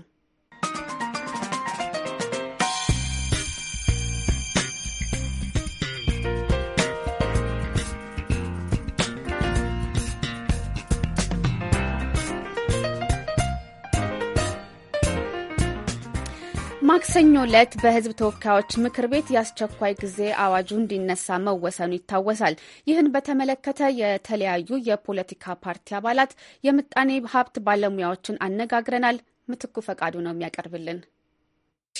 ማክሰኞ ዕለት በህዝብ ተወካዮች ምክር ቤት የአስቸኳይ ጊዜ አዋጁ እንዲነሳ መወሰኑ ይታወሳል። ይህን በተመለከተ የተለያዩ የፖለቲካ ፓርቲ አባላት፣ የምጣኔ ሀብት ባለሙያዎችን አነጋግረናል። ምትኩ ፈቃዱ ነው የሚያቀርብልን።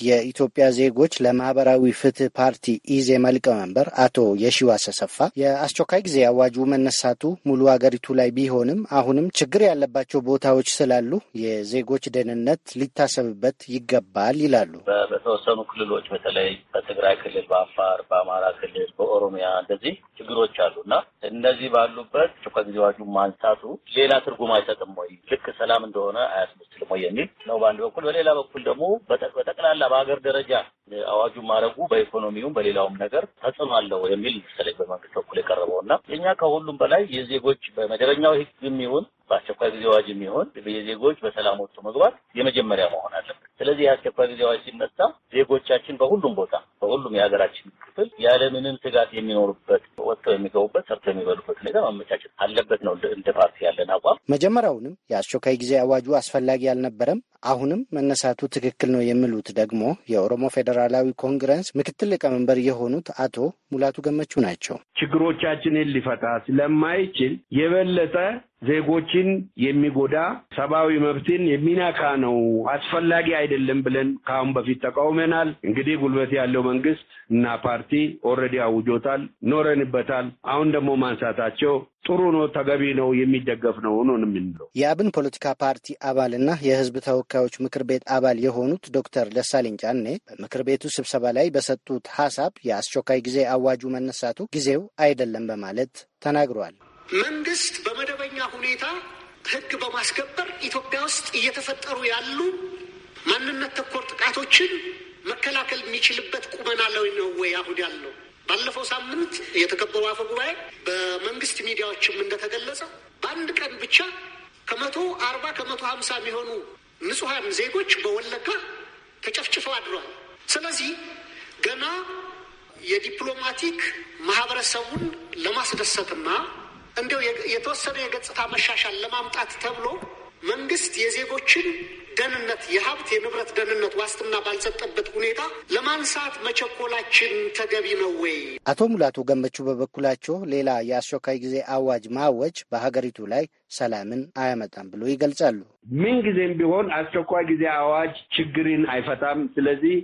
የኢትዮጵያ ዜጎች ለማህበራዊ ፍትህ ፓርቲ ኢዜማ ሊቀመንበር አቶ የሺዋስ አሰፋ የአስቸኳይ ጊዜ አዋጁ መነሳቱ ሙሉ ሀገሪቱ ላይ ቢሆንም አሁንም ችግር ያለባቸው ቦታዎች ስላሉ የዜጎች ደህንነት ሊታሰብበት ይገባል ይላሉ። በተወሰኑ ክልሎች በተለይ በትግራይ ክልል፣ በአፋር፣ በአማራ ክልል፣ በኦሮሚያ እንደዚህ ችግሮች አሉ እና እነዚህ ባሉበት አስቸኳይ ጊዜ አዋጁ ማንሳቱ ሌላ ትርጉም አይሰጥም ወይ? ልክ ሰላም እንደሆነ አያስመስልም ወይ? የሚል ነው በአንድ በኩል በሌላ በኩል ደግሞ በጠቅላላ በሀገር ደረጃ አዋጁ ማድረጉ በኢኮኖሚውም በሌላውም ነገር ተጽዕኖ አለው የሚል መሰለኝ በመንግስት በኩል የቀረበው እና እኛ ከሁሉም በላይ የዜጎች በመደበኛው ሕግም ይሁን በአስቸኳይ ጊዜ አዋጅ የሚሆን የዜጎች በሰላም ወጥቶ መግባት የመጀመሪያ መሆን አለበት። ስለዚህ የአስቸኳይ ጊዜ አዋጅ ሲነሳ ዜጎቻችን በሁሉም ቦታ በሁሉም የሀገራችን ክፍል ያለምንም ስጋት የሚኖሩበት ወጥተው የሚገቡበት ሰርተው የሚበሉበት ሁኔታ ማመቻቸት አለበት ነው እንደ ፓርቲ ያለን አቋም። መጀመሪያውንም የአስቸኳይ ጊዜ አዋጁ አስፈላጊ አልነበረም አሁንም መነሳቱ ትክክል ነው የሚሉት ደግሞ የኦሮሞ ፌዴራላዊ ኮንግረስ ምክትል ሊቀመንበር የሆኑት አቶ ሙላቱ ገመቹ ናቸው። ችግሮቻችንን ሊፈታ ስለማይችል የበለጠ ዜጎችን የሚጎዳ ሰብአዊ መብትን የሚነካ ነው፣ አስፈላጊ አይደለም ብለን ከአሁን በፊት ተቃውመናል። እንግዲህ ጉልበት ያለው መንግስት እና ፓርቲ ኦልሬዲ አውጆታል፣ ኖረንበታል። አሁን ደግሞ ማንሳታቸው ጥሩ ነው፣ ተገቢ ነው፣ የሚደገፍ ነው ነው የምንለው። የአብን ፖለቲካ ፓርቲ አባልና የህዝብ ተወካዮች ምክር ቤት አባል የሆኑት ዶክተር ደሳለኝ ጫኔ በምክር ቤቱ ስብሰባ ላይ በሰጡት ሀሳብ የአስቸኳይ ጊዜ አዋጁ መነሳቱ ጊዜው አይደለም በማለት ተናግሯል። መንግስት በመደ ሁኔታ ህግ በማስከበር ኢትዮጵያ ውስጥ እየተፈጠሩ ያሉ ማንነት ተኮር ጥቃቶችን መከላከል የሚችልበት ቁመና ላይ ነው ወይ አሁን ያለው? ባለፈው ሳምንት የተከበሩ አፈ ጉባኤ በመንግስት ሚዲያዎችም እንደተገለጸው በአንድ ቀን ብቻ ከመቶ አርባ ከመቶ ሀምሳ የሚሆኑ ንጹሐን ዜጎች በወለጋ ተጨፍጭፈው አድረዋል። ስለዚህ ገና የዲፕሎማቲክ ማህበረሰቡን ለማስደሰትና እንዲሁ የተወሰነ የገጽታ መሻሻል ለማምጣት ተብሎ መንግስት የዜጎችን ደህንነት የሀብት የንብረት ደህንነት ዋስትና ባልሰጠበት ሁኔታ ለማንሳት መቸኮላችን ተገቢ ነው ወይ? አቶ ሙላቱ ገመቹ በበኩላቸው ሌላ የአስቸኳይ ጊዜ አዋጅ ማወጅ በሀገሪቱ ላይ ሰላምን አያመጣም ብሎ ይገልጻሉ። ምንጊዜም ጊዜም ቢሆን አስቸኳይ ጊዜ አዋጅ ችግርን አይፈታም። ስለዚህ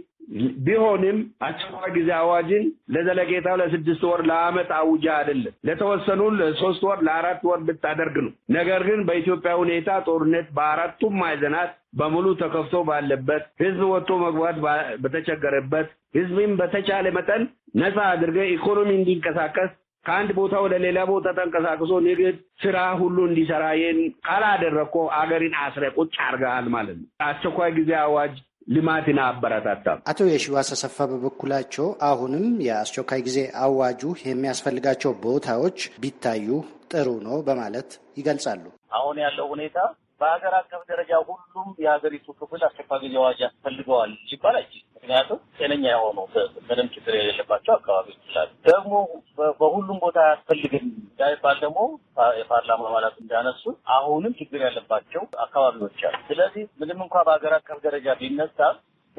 ቢሆንም አስቸኳይ ጊዜ አዋጅን ለዘለቄታው ለስድስት ወር ለአመት አውጃ አይደለም ለተወሰኑ ለሶስት ወር ለአራት ወር ብታደርግ ነው። ነገር ግን በኢትዮጵያ ሁኔታ ጦርነት በአራቱም ማዕዘናት በሙሉ ተከፍቶ ባለበት ህዝብ ወጥቶ መግባት በተቸገረበት ህዝብም በተቻለ መጠን ነፃ አድርገ ኢኮኖሚ እንዲንቀሳቀስ ከአንድ ቦታ ወደ ሌላ ቦታ ተንቀሳቅሶ ንግድ፣ ስራ ሁሉ እንዲሰራ ይህን ካላደረግኮ አገሪን አስረ ቁጭ አድርገሃል ማለት ነው። አስቸኳይ ጊዜ አዋጅ ልማትን አበረታታም። አቶ የሺዋስ አሰፋ በበኩላቸው አሁንም የአስቸኳይ ጊዜ አዋጁ የሚያስፈልጋቸው ቦታዎች ቢታዩ ጥሩ ነው በማለት ይገልጻሉ። አሁን ያለው ሁኔታ በሀገር አቀፍ ደረጃ ሁሉም የሀገሪቱ ክፍል አስቸኳይ ጊዜ አዋጅ ያስፈልገዋል ሊባል ምክንያቱም ጤነኛ የሆኑ ምንም ችግር የሌለባቸው አካባቢዎች ይችላል። ደግሞ በሁሉም ቦታ አያስፈልግም እንዳይባል ደግሞ የፓርላማ አባላት እንዳነሱ አሁንም ችግር ያለባቸው አካባቢዎች አሉ። ስለዚህ ምንም እንኳ በሀገር አቀፍ ደረጃ ቢነሳ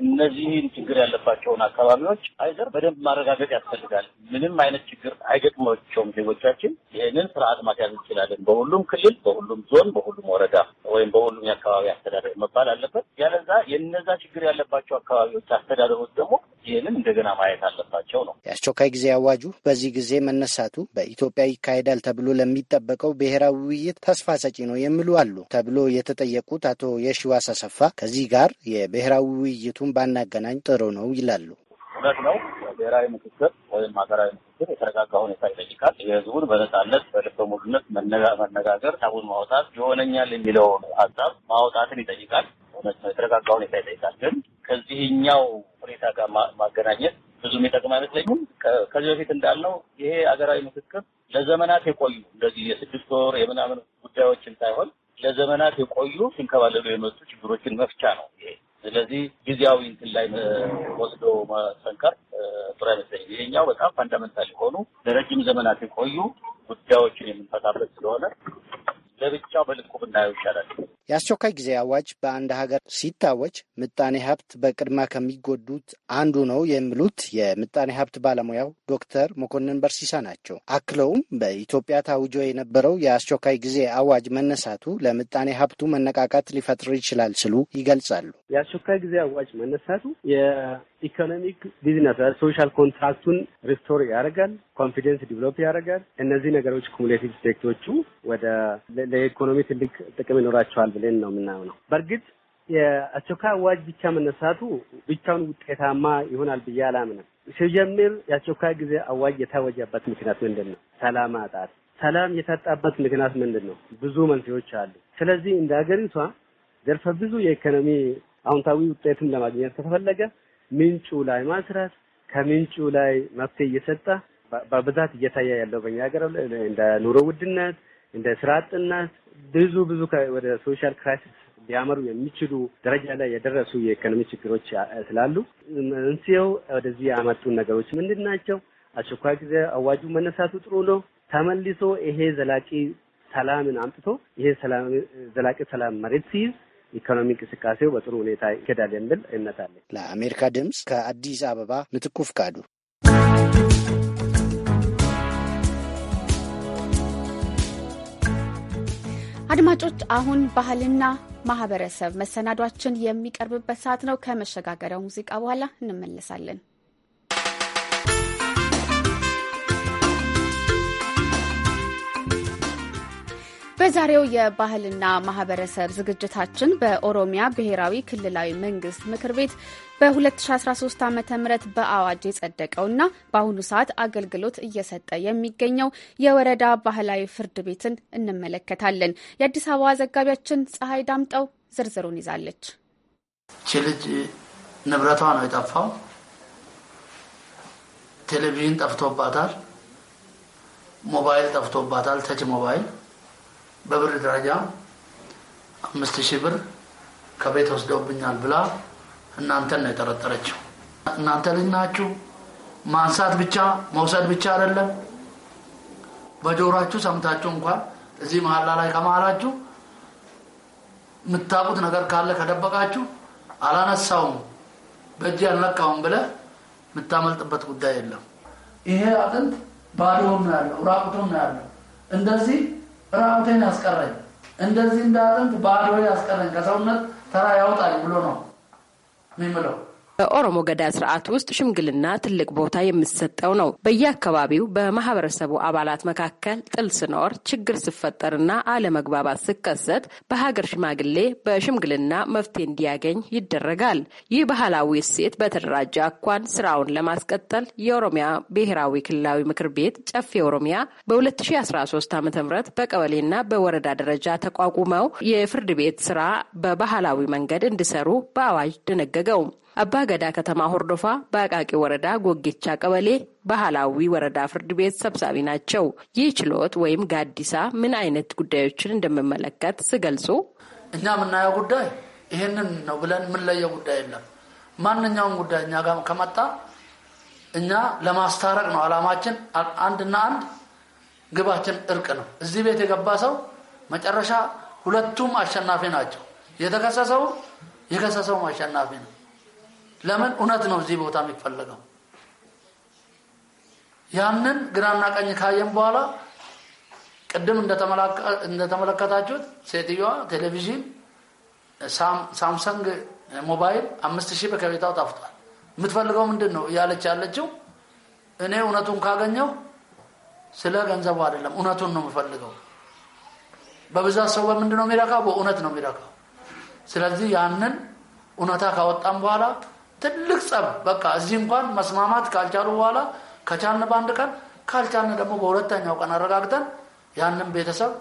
እነዚህን ችግር ያለባቸውን አካባቢዎች አይዘር በደንብ ማረጋገጥ ያስፈልጋል። ምንም አይነት ችግር አይገጥሟቸውም ዜጎቻችን። ይህንን ስርዓት ማስያዝ እንችላለን። በሁሉም ክልል፣ በሁሉም ዞን፣ በሁሉም ወረዳ ወይም በሁሉም የአካባቢ አስተዳደር መባል አለበት። ያለዛ የነዛ ችግር ያለባቸው አካባቢዎች አስተዳደሮች ደግሞ ይህንን እንደገና ማየት አለባቸው ነው። የአስቸኳይ ጊዜ አዋጁ በዚህ ጊዜ መነሳቱ በኢትዮጵያ ይካሄዳል ተብሎ ለሚጠበቀው ብሔራዊ ውይይት ተስፋ ሰጪ ነው የሚሉ አሉ ተብሎ የተጠየቁት አቶ የሺዋስ አሰፋ ከዚህ ጋር የብሔራዊ ውይይቱ ሁለቱን ባናገናኝ ጥሩ ነው ይላሉ። እውነት ነው። ብሔራዊ ምክክር ወይም ሀገራዊ ምክክር የተረጋጋ ሁኔታ ይጠይቃል። የህዝቡን በነጻነት በልበ ሙሉነት መነጋገር፣ ታቡን ማውጣት ይሆነኛል የሚለውን ሀሳብ ማውጣትን ይጠይቃል። እውነት ነው። የተረጋጋ ሁኔታ ይጠይቃል። ግን ከዚህኛው ሁኔታ ጋር ማገናኘት ብዙም የሚጠቅም አይመስለኝም። ከዚህ በፊት እንዳልነው ይሄ ሀገራዊ ምክክር ለዘመናት የቆዩ እንደዚህ የስድስት ወር የምናምን ጉዳዮችን ሳይሆን ለዘመናት የቆዩ ሲንከባለሉ የመጡ ችግሮችን መፍቻ ነው ይሄ ስለዚህ ጊዜያዊ እንትን ላይ ወስዶ መሰንከር ጥሩ አይመስለኝም። ይሄኛው በጣም ፋንዳመንታል የሆኑ ለረጅም ዘመናት የቆዩ ጉዳዮችን የምንፈታበት ስለሆነ ለብቻው በልኩ ብናየው ይሻላል። የአስቸኳይ ጊዜ አዋጅ በአንድ ሀገር ሲታወጅ ምጣኔ ሀብት በቅድማ ከሚጎዱት አንዱ ነው የሚሉት የምጣኔ ሀብት ባለሙያው ዶክተር መኮንን በርሲሳ ናቸው። አክለውም በኢትዮጵያ ታውጆ የነበረው የአስቸኳይ ጊዜ አዋጅ መነሳቱ ለምጣኔ ሀብቱ መነቃቃት ሊፈጥር ይችላል ሲሉ ይገልጻሉ። የአስቸኳይ ጊዜ አዋጅ መነሳቱ የኢኮኖሚክ ቢዝነስ ሶሻል ኮንትራክቱን ሪስቶር ያደርጋል። ኮንፊደንስ ዲቨሎፕ ያደርጋል። እነዚህ ነገሮች ኩሙሌቲቭ ኢፌክቶቹ ወደ ለኢኮኖሚ ትልቅ ጥቅም ይኖራቸዋል ብለን ነው የምናምነው። በእርግጥ የአስቸኳይ አዋጅ ብቻ መነሳቱ ብቻውን ውጤታማ ይሆናል ብዬ አላምንም። ሲጀምር የአስቸኳይ ጊዜ አዋጅ የታወጀበት ምክንያት ምንድን ነው? ሰላም አጣት። ሰላም የታጣበት ምክንያት ምንድን ነው? ብዙ መንስኤዎች አሉ። ስለዚህ እንደ ሀገሪቷ ዘርፈ ብዙ የኢኮኖሚ አዎንታዊ ውጤትን ለማግኘት ከተፈለገ ምንጩ ላይ ማስራት፣ ከምንጩ ላይ መፍትሄ እየሰጠ በብዛት እየታየ ያለው በእኛ ሀገር እንደ ኑሮ ውድነት፣ እንደ ስራ አጥነት ብዙ ብዙ ወደ ሶሻል ክራይሲስ ሊያመሩ የሚችሉ ደረጃ ላይ የደረሱ የኢኮኖሚ ችግሮች ስላሉ እንስየው ወደዚህ ያመጡን ነገሮች ምንድን ናቸው? አስቸኳይ ጊዜ አዋጁ መነሳቱ ጥሩ ነው። ተመልሶ ይሄ ዘላቂ ሰላምን አምጥቶ ይሄ ዘላቂ ሰላም መሬት ሲይዝ ኢኮኖሚ እንቅስቃሴው በጥሩ ሁኔታ ይሄዳል የሚል እምነት አለ። ለአሜሪካ ድምፅ ከአዲስ አበባ ምትኩ ፍቃዱ። አድማጮች አሁን ባህልና ማህበረሰብ መሰናዷችን የሚቀርብበት ሰዓት ነው። ከመሸጋገሪያው ሙዚቃ በኋላ እንመለሳለን። በዛሬው የባህልና ማህበረሰብ ዝግጅታችን በኦሮሚያ ብሔራዊ ክልላዊ መንግስት ምክር ቤት በ2013 ዓ ም በአዋጅ የጸደቀውና በአሁኑ ሰዓት አገልግሎት እየሰጠ የሚገኘው የወረዳ ባህላዊ ፍርድ ቤትን እንመለከታለን። የአዲስ አበባ ዘጋቢያችን ፀሐይ ዳምጠው ዝርዝሩን ይዛለች። ች ልጅ ንብረቷ ነው የጠፋው። ቴሌቪዥን ጠፍቶባታል። ሞባይል ጠፍቶባታል። ተች ሞባይል በብር ደረጃ አምስት ሺህ ብር ከቤት ወስደውብኛል ብላ እናንተን ነው የጠረጠረችው። እናንተ ልጅ ናችሁ። ማንሳት ብቻ መውሰድ ብቻ አይደለም። በጆሯችሁ ሰምታችሁ እንኳን እዚህ መሀላ ላይ ከመሀላችሁ የምታውቁት ነገር ካለ ከደበቃችሁ አላነሳውም በእጅ አልነካውም ብለ የምታመልጥበት ጉዳይ የለም። ይሄ አጥንት ባዶውም ነው ያለው፣ ራቁቱን ነው ያለው። እንደዚህ ራውቴን ያስቀረኝ እንደዚህ እንዳጥንት ባዶ ያስቀረኝ ከሰውነት ተራ ያውጣል ብሎ ነው የሚምለው በኦሮሞ ገዳ ስርዓት ውስጥ ሽምግልና ትልቅ ቦታ የሚሰጠው ነው። በየአካባቢው በማህበረሰቡ አባላት መካከል ጥል ስኖር፣ ችግር ስፈጠርና አለመግባባት ስከሰት በሀገር ሽማግሌ በሽምግልና መፍትሄ እንዲያገኝ ይደረጋል። ይህ ባህላዊ እሴት በተደራጀ አኳን ስራውን ለማስቀጠል የኦሮሚያ ብሔራዊ ክልላዊ ምክር ቤት ጨፌ ኦሮሚያ በ2013 ዓ ም በቀበሌና በወረዳ ደረጃ ተቋቁመው የፍርድ ቤት ስራ በባህላዊ መንገድ እንዲሰሩ በአዋጅ ደነገገው። አባ ገዳ ከተማ ሆርዶፋ በአቃቂ ወረዳ ጎጌቻ ቀበሌ ባህላዊ ወረዳ ፍርድ ቤት ሰብሳቢ ናቸው። ይህ ችሎት ወይም ጋዲሳ ምን አይነት ጉዳዮችን እንደሚመለከት ስገልጹ? እኛ የምናየው ጉዳይ ይህንን ነው ብለን የምንለየው ጉዳይ የለም። ማንኛውም ጉዳይ እኛ ጋር ከመጣ እኛ ለማስታረቅ ነው አላማችን። አንድና አንድ ግባችን እርቅ ነው። እዚህ ቤት የገባ ሰው መጨረሻ ሁለቱም አሸናፊ ናቸው። የተከሰሰው የከሰሰውም አሸናፊ ነው። ለምን እውነት ነው እዚህ ቦታ የሚፈለገው። ያንን ግራና ቀኝ ካየን በኋላ ቅድም እንደተመለከታችሁት ሴትዮዋ ቴሌቪዥን ሳምሰንግ ሞባይል አምስት ሺህ ብር ጠፍቷል። የምትፈልገው ምንድን ነው እያለች ያለችው እኔ እውነቱን ካገኘው ስለ ገንዘቡ አይደለም እውነቱን ነው የምፈልገው። በብዛት ሰው በምንድን ነው የሚረካው? በእውነት ነው የሚረካው። ስለዚህ ያንን እውነታ ካወጣም በኋላ ትልቅ ጸብ በቃ እዚህ እንኳን መስማማት ካልቻሉ በኋላ ከቻን በአንድ ቀን ካልቻን ደግሞ በሁለተኛው ቀን አረጋግጠን ያንን ቤተሰብ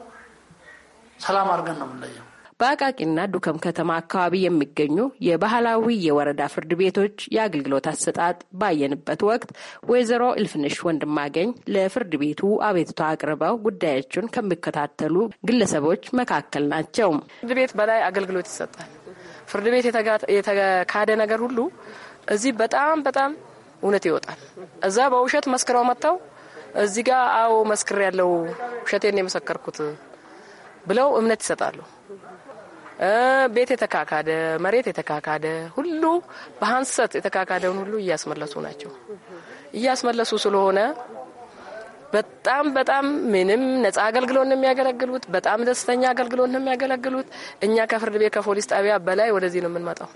ሰላም አድርገን ነው የምንለየው። በአቃቂና ዱከም ከተማ አካባቢ የሚገኙ የባህላዊ የወረዳ ፍርድ ቤቶች የአገልግሎት አሰጣጥ ባየንበት ወቅት ወይዘሮ እልፍንሽ ወንድማገኝ ለፍርድ ቤቱ አቤቱታ አቅርበው ጉዳያቸውን ከሚከታተሉ ግለሰቦች መካከል ናቸው። ፍርድ ቤት በላይ አገልግሎት ይሰጣል። ፍርድ ቤት የተካደ ነገር ሁሉ እዚህ በጣም በጣም እውነት ይወጣል። እዛ በውሸት መስክረው መጥተው እዚህ ጋር አዎ መስክር ያለው ውሸቴን የመሰከርኩት ብለው እምነት ይሰጣሉ። ቤት የተካካደ መሬት የተካካደ ሁሉ በሀንሰት የተካካደውን ሁሉ እያስመለሱ ናቸው። እያስመለሱ ስለሆነ በጣም በጣም ምንም ነጻ አገልግሎት ነው የሚያገለግሉት። በጣም ደስተኛ አገልግሎት ነው የሚያገለግሉት። እኛ ከፍርድ ቤት ከፖሊስ ጣቢያ በላይ ወደዚህ ነው የምንመጣው።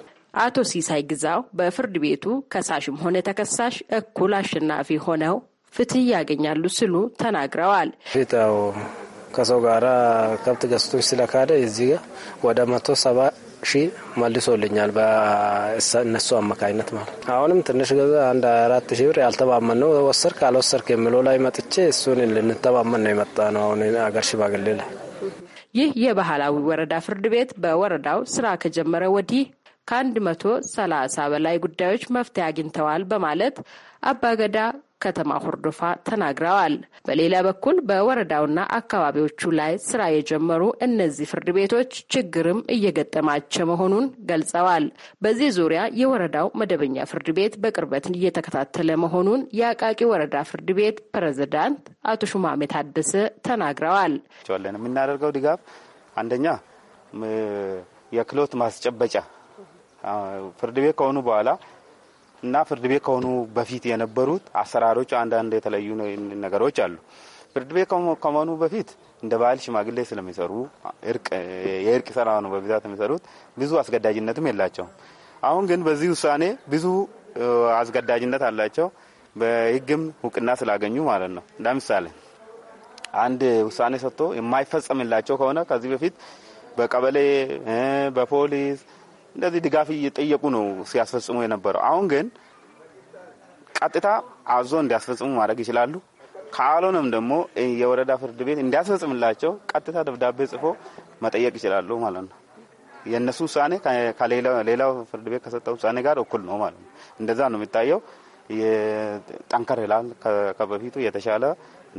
አቶ ሲሳይ ግዛው በፍርድ ቤቱ ከሳሽም ሆነ ተከሳሽ እኩል አሸናፊ ሆነው ፍትህ ያገኛሉ ስሉ ተናግረዋል። ከሰው ጋራ ከብት ገዝቶች ስለካደ እዚህ ወደ መቶ ሰባ ሺህ መልሶልኛል በእነሱ አማካኝነት ማለት አሁንም ትንሽ ገዛ አንድ አራት ሺህ ብር ያልተማመን ነው ወሰርክ አልወሰርክ የሚለው ላይ መጥቼ እሱን ልንተማመን ነው የመጣ ነው አሁን አገር ሽማግሌ ላይ ይህ የባህላዊ ወረዳ ፍርድ ቤት በወረዳው ስራ ከጀመረ ወዲህ ከአንድ መቶ ሰላሳ በላይ ጉዳዮች መፍትሄ አግኝተዋል በማለት አባገዳ ከተማ ሆርዶፋ ተናግረዋል። በሌላ በኩል በወረዳውና አካባቢዎቹ ላይ ስራ የጀመሩ እነዚህ ፍርድ ቤቶች ችግርም እየገጠማቸው መሆኑን ገልጸዋል። በዚህ ዙሪያ የወረዳው መደበኛ ፍርድ ቤት በቅርበት እየተከታተለ መሆኑን የአቃቂ ወረዳ ፍርድ ቤት ፕሬዝዳንት አቶ ሹማሜ ታደሰ ተናግረዋል። የምናደርገው ድጋፍ አንደኛ የክሎት ማስጨበጫ ፍርድ ቤት ከሆኑ በኋላ እና ፍርድ ቤት ከሆኑ በፊት የነበሩት አሰራሮች አንዳንድ የተለዩ ነገሮች አሉ። ፍርድ ቤት ከመሆኑ በፊት እንደ ባህል ሽማግሌ ስለሚሰሩ የእርቅ ስራ ነው በብዛት የሚሰሩት። ብዙ አስገዳጅነትም የላቸውም። አሁን ግን በዚህ ውሳኔ ብዙ አስገዳጅነት አላቸው። በህግም እውቅና ስላገኙ ማለት ነው። ለምሳሌ አንድ ውሳኔ ሰጥቶ የማይፈጸምላቸው ከሆነ ከዚህ በፊት በቀበሌ በፖሊስ እንደዚህ ድጋፍ እየጠየቁ ነው ሲያስፈጽሙ የነበረው። አሁን ግን ቀጥታ አዞ እንዲያስፈጽሙ ማድረግ ይችላሉ። ካልሆነም ደግሞ የወረዳ ፍርድ ቤት እንዲያስፈጽምላቸው ቀጥታ ደብዳቤ ጽፎ መጠየቅ ይችላሉ ማለት ነው። የእነሱ ውሳኔ ከሌላው ፍርድ ቤት ከሰጠው ውሳኔ ጋር እኩል ነው ማለት ነው። እንደዛ ነው የሚታየው። ጠንከር ይላል። ከበፊቱ የተሻለ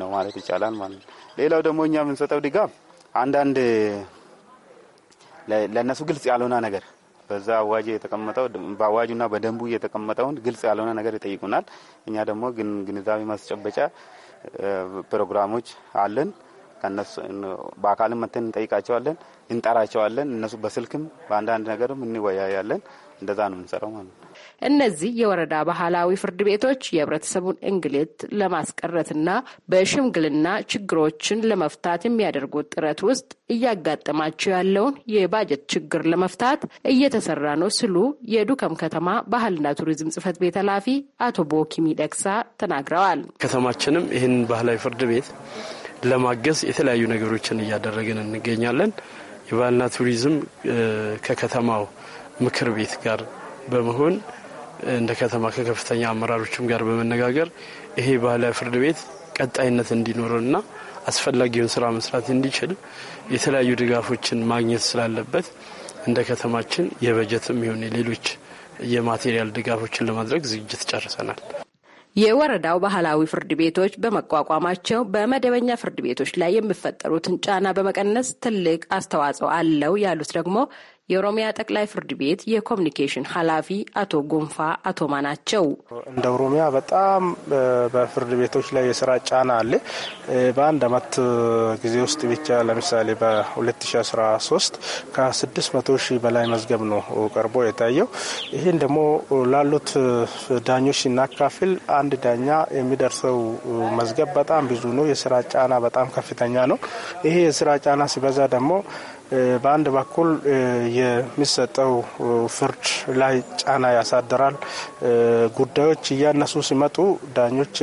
ነው ማለት ይቻላል ማለት ነው። ሌላው ደግሞ እኛ የምንሰጠው ድጋፍ አንዳንድ ለእነሱ ግልጽ ያልሆነ ነገር በዛ አዋጅ የተቀመጠው በአዋጁና በደንቡ የተቀመጠውን ግልጽ ያልሆነ ነገር ይጠይቁናል። እኛ ደግሞ ግንዛቤ ማስጨበጫ ፕሮግራሞች አለን። ከነሱ በአካልም መተን እንጠይቃቸዋለን፣ እንጠራቸዋለን። እነሱ በስልክም በአንዳንድ ነገርም እንወያያለን። እንደዛ ነው የምንሰራው ማለት ነው። እነዚህ የወረዳ ባህላዊ ፍርድ ቤቶች የህብረተሰቡን እንግልት ለማስቀረትና በሽምግልና ችግሮችን ለመፍታት የሚያደርጉት ጥረት ውስጥ እያጋጠማቸው ያለውን የባጀት ችግር ለመፍታት እየተሰራ ነው ስሉ የዱከም ከተማ ባህልና ቱሪዝም ጽህፈት ቤት ኃላፊ አቶ ቦኪ ሚደቅሳ ተናግረዋል። ከተማችንም ይህን ባህላዊ ፍርድ ቤት ለማገዝ የተለያዩ ነገሮችን እያደረግን እንገኛለን። የባህልና ቱሪዝም ከከተማው ምክር ቤት ጋር በመሆን እንደ ከተማ ከከፍተኛ አመራሮችም ጋር በመነጋገር ይሄ ባህላዊ ፍርድ ቤት ቀጣይነት እንዲኖርና አስፈላጊውን ስራ መስራት እንዲችል የተለያዩ ድጋፎችን ማግኘት ስላለበት እንደ ከተማችን የበጀትም ይሁን የሌሎች የማቴሪያል ድጋፎችን ለማድረግ ዝግጅት ጨርሰናል። የወረዳው ባህላዊ ፍርድ ቤቶች በመቋቋማቸው በመደበኛ ፍርድ ቤቶች ላይ የሚፈጠሩትን ጫና በመቀነስ ትልቅ አስተዋጽኦ አለው ያሉት ደግሞ የኦሮሚያ ጠቅላይ ፍርድ ቤት የኮሚኒኬሽን ኃላፊ አቶ ጎንፋ አቶማ ናቸው። እንደ ኦሮሚያ በጣም በፍርድ ቤቶች ላይ የስራ ጫና አለ። በአንድ አመት ጊዜ ውስጥ ብቻ ለምሳሌ በ2013 ከ600 ሺህ በላይ መዝገብ ነው ቀርቦ የታየው። ይህን ደግሞ ላሉት ዳኞች ሲናካፍል አንድ ዳኛ የሚደርሰው መዝገብ በጣም ብዙ ነው። የስራ ጫና በጣም ከፍተኛ ነው። ይሄ የስራ ጫና ሲበዛ ደግሞ በአንድ በኩል የሚሰጠው ፍርድ ላይ ጫና ያሳድራል። ጉዳዮች እያነሱ ሲመጡ ዳኞች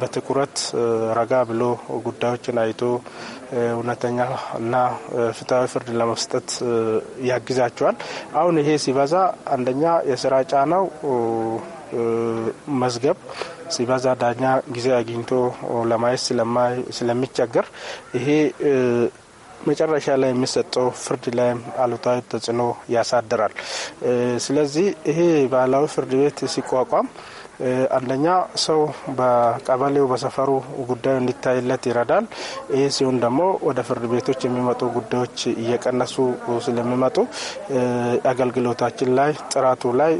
በትኩረት ረጋ ብሎ ጉዳዮችን አይቶ እውነተኛ እና ፍትሐዊ ፍርድ ለመስጠት ያግዛቸዋል። አሁን ይሄ ሲበዛ አንደኛ የስራ ጫናው መዝገብ ሲበዛ ዳኛ ጊዜ አግኝቶ ለማየት ስለሚቸገር ይሄ መጨረሻ ላይ የሚሰጠው ፍርድ ላይ አሉታዊ ተጽዕኖ ያሳድራል። ስለዚህ ይሄ ባህላዊ ፍርድ ቤት ሲቋቋም አንደኛ ሰው በቀበሌው በሰፈሩ ጉዳዩ እንዲታይለት ይረዳል። ይህ ሲሆን ደግሞ ወደ ፍርድ ቤቶች የሚመጡ ጉዳዮች እየቀነሱ ስለሚመጡ አገልግሎታችን ላይ ጥራቱ ላይ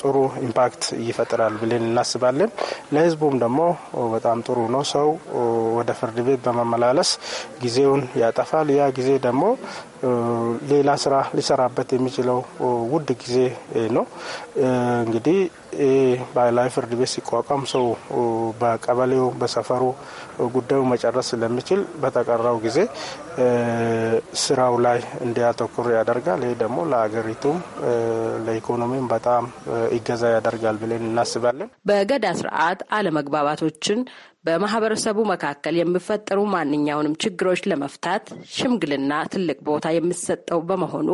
ጥሩ ኢምፓክት ይፈጥራል ብለን እናስባለን። ለሕዝቡም ደግሞ በጣም ጥሩ ነው። ሰው ወደ ፍርድ ቤት በመመላለስ ጊዜው ጊዜውን ያጠፋል። ያ ጊዜ ደግሞ ሌላ ስራ ሊሰራበት የሚችለው ውድ ጊዜ ነው። እንግዲህ ባህላዊ ፍርድ ቤት ሲቋቋም ሰው በቀበሌው በሰፈሩ ጉዳዩ መጨረስ ስለሚችል በተቀራው ጊዜ ስራው ላይ እንዲያተኩር ያደርጋል። ይህ ደግሞ ለሀገሪቱም ለኢኮኖሚም በጣም ይገዛ ያደርጋል ብለን እናስባለን። በገዳ ስርዓት አለመግባባቶችን በማህበረሰቡ መካከል የሚፈጠሩ ማንኛውንም ችግሮች ለመፍታት ሽምግልና ትልቅ ቦታ የሚሰጠው በመሆኑ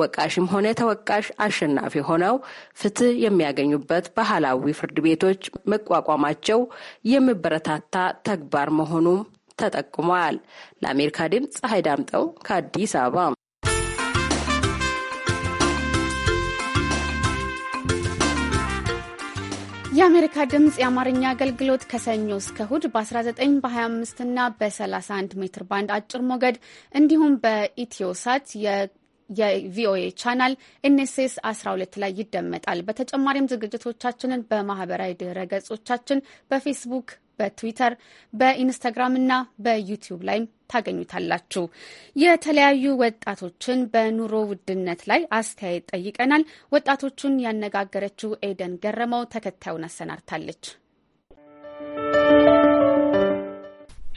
ወቃሽም ሆነ ተወቃሽ አሸናፊ ሆነው ፍትህ የሚያገኙበት ባህላዊ ፍርድ ቤቶች መቋቋማቸው የሚበረታታ ተግባር መሆኑም ተጠቁመዋል። ለአሜሪካ ድምፅ ፀሐይ ዳምጠው ከአዲስ አበባ የአሜሪካ ድምፅ የአማርኛ አገልግሎት ከሰኞ እስከ እሁድ በ19 በ25 እና በ31 ሜትር ባንድ አጭር ሞገድ እንዲሁም በኢትዮሳት የቪኦኤ ቻናል ኤንኤስኤስ 12 ላይ ይደመጣል። በተጨማሪም ዝግጅቶቻችንን በማህበራዊ ድህረ ገጾቻችን በፌስቡክ፣ በትዊተር፣ በኢንስታግራም እና በዩቲዩብ ላይም ታገኙታላችሁ። የተለያዩ ወጣቶችን በኑሮ ውድነት ላይ አስተያየት ጠይቀናል። ወጣቶቹን ያነጋገረችው ኤደን ገረመው ተከታዩን አሰናድታለች።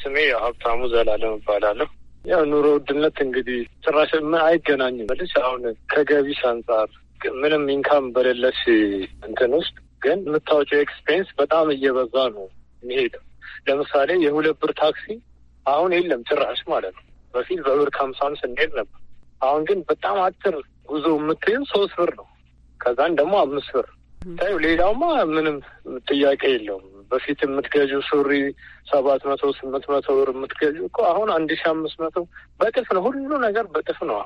ስሜ ሀብታሙ ዘላለም እባላለሁ። ያው ኑሮ ውድነት እንግዲህ ጭራሽ አይገናኝም። መልስ አሁን ከገቢስ አንጻር ምንም ኢንካም በሌለሽ እንትን ውስጥ ግን የምታወጪው ኤክስፔንስ በጣም እየበዛ ነው የሚሄደው። ለምሳሌ የሁለት ብር ታክሲ አሁን የለም ጭራሽ ማለት ነው። በፊት በብር ከሀምሳም ስንሄድ ነበር። አሁን ግን በጣም አጭር ጉዞ የምትይው ሶስት ብር ነው። ከዛን ደግሞ አምስት ብር ታዩ። ሌላውማ ምንም ጥያቄ የለውም። በፊት የምትገዡ ሱሪ ሰባት መቶ ስምንት መቶ ብር የምትገዡ እኮ አሁን አንድ ሺ አምስት መቶ በጥፍ ነው። ሁሉ ነገር በጥፍ ነው።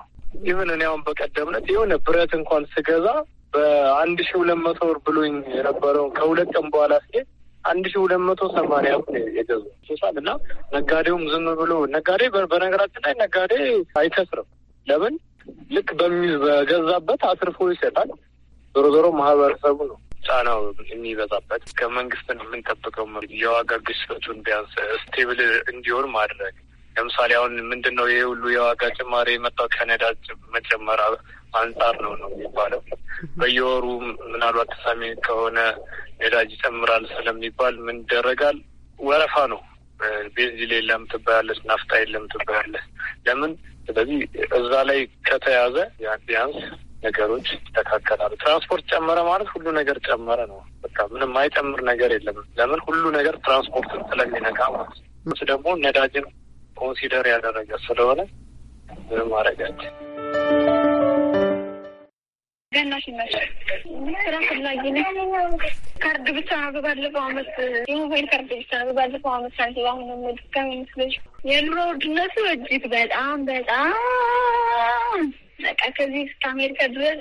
ይህን እኔ አሁን በቀደምነት የሆነ ብረት እንኳን ስገዛ በአንድ ሺ ሁለት መቶ ብር ብሎኝ የነበረውን ከሁለት ቀን በኋላ ሲሄድ አንድ ሺ ሁለት መቶ ሰማንያ የገዙ ሱሳል እና ነጋዴውም ዝም ብሎ ነጋዴ በነገራችን ላይ ነጋዴ አይከስርም። ለምን ልክ በገዛበት አትርፎ ይሰጣል። ዞሮ ዞሮ ማህበረሰቡ ነው ጫናው የሚበዛበት። ከመንግስት የምንጠብቀው የዋጋ ግሽበቱን ቢያንስ ስቴብል እንዲሆን ማድረግ ለምሳሌ አሁን ምንድን ነው ይሄ ሁሉ የዋጋ ጭማሪ የመጣው ከነዳጅ መጨመር አንጻር ነው ነው የሚባለው። በየወሩ ምናልባት ተሳሚ ከሆነ ነዳጅ ይጨምራል ስለሚባል ምን ይደረጋል? ወረፋ ነው። ቤንዚል የለም ትባያለች፣ ናፍጣ የለም ትባያለች። ለምን? ስለዚህ እዛ ላይ ከተያዘ ቢያንስ ነገሮች ይስተካከላሉ። ትራንስፖርት ጨመረ ማለት ሁሉ ነገር ጨመረ ነው። በቃ ምንም አይጨምር ነገር የለም። ለምን? ሁሉ ነገር ትራንስፖርትን ስለሚነካ ማለት ነው። ደግሞ ነዳጅን ኮንሲደር ያደረገ ስለሆነ ምንም ማድረጋቸው ገናሽ ይመሻል። ስራ ፈላጊ ካርድ ብቻ የሞባይል ካርድ ብቻ ሳንቲ የኑሮ ውድነቱ እጅግ በጣም በጣም በቃ ከዚህ እስከ አሜሪካ ድረስ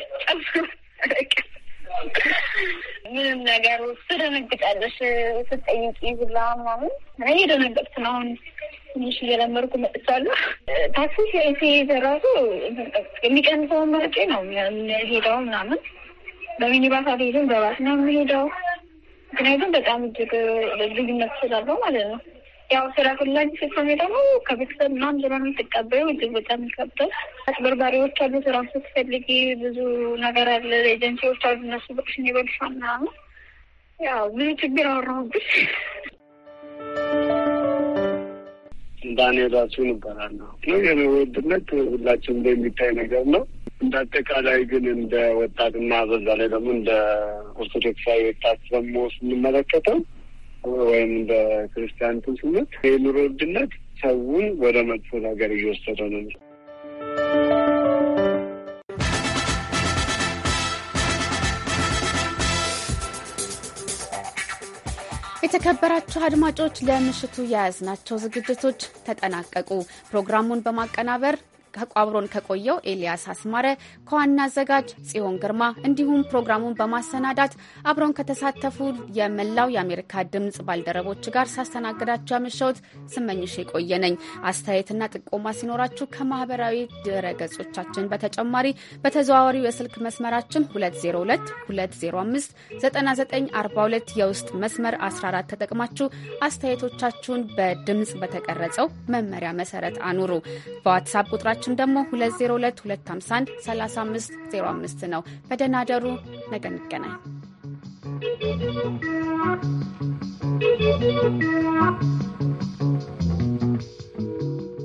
ምንም ነገር ትደነግጫለሽ ምናምን እኔ የደነገጥኩ ነው አሁን ትንሽ እየለመርኩ መጥቻለሁ። ታክሲ ሲይዝ ራሱ የሚቀንሰውን መርጬ ነው የሚሄደው ምናምን። በሚኒባስ አልሄድም፣ በባስ ነው የሚሄደው። ምክንያቱም በጣም እጅግ ልዩነት ስላለው ማለት ነው። ያው ስራ ፍላጊ ስትሆን ደግሞ ከቤተሰብ ምናምን ስለሆነ የምትቀበዩ እጅግ በጣም ይከብዳል። አስበርባሪዎች አሉ። ስራ ስትፈልጊ ብዙ ነገር አለ። ኤጀንሲዎች አሉ። እነሱ ብርሽን ይበልሻል ምናምን። ያው ብዙ ችግር አወራሁብሽ። ዳንኤል ራሲሁን እባላለሁ። ነው የኑሮ ውድነት ሁላችን እንደሚታይ ነገር ነው። እንደ አጠቃላይ ግን እንደ ወጣትና በዛ ላይ ደግሞ እንደ ኦርቶዶክሳዊ ወጣት ደግሞ ስንመለከተው ወይም እንደ ክርስቲያን ስነት የኑሮ ውድነት ሰውን ወደ መጥፎ ነገር እየወሰደ ነው። የተከበራችሁ አድማጮች ለምሽቱ የያዝናቸው ዝግጅቶች ተጠናቀቁ። ፕሮግራሙን በማቀናበር አብሮን ከቆየው ኤልያስ አስማረ ከዋና አዘጋጅ ጽዮን ግርማ እንዲሁም ፕሮግራሙን በማሰናዳት አብሮን ከተሳተፉ የመላው የአሜሪካ ድምፅ ባልደረቦች ጋር ሳስተናግዳቸው ያመሸሁት ስመኝሽ የቆየ ነኝ። አስተያየትና ጥቆማ ሲኖራችሁ ከማህበራዊ ድረ ገጾቻችን በተጨማሪ በተዘዋዋሪው የስልክ መስመራችን 2022059942 የውስጥ መስመር 14 ተጠቅማችሁ አስተያየቶቻችሁን በድምፅ በተቀረጸው መመሪያ መሰረት አኑሩ። በዋትሳፕ ቁጥራችን ቁጥራችን ደግሞ 2022513505 ነው። በደናደሩ ነገ እንገናኝ።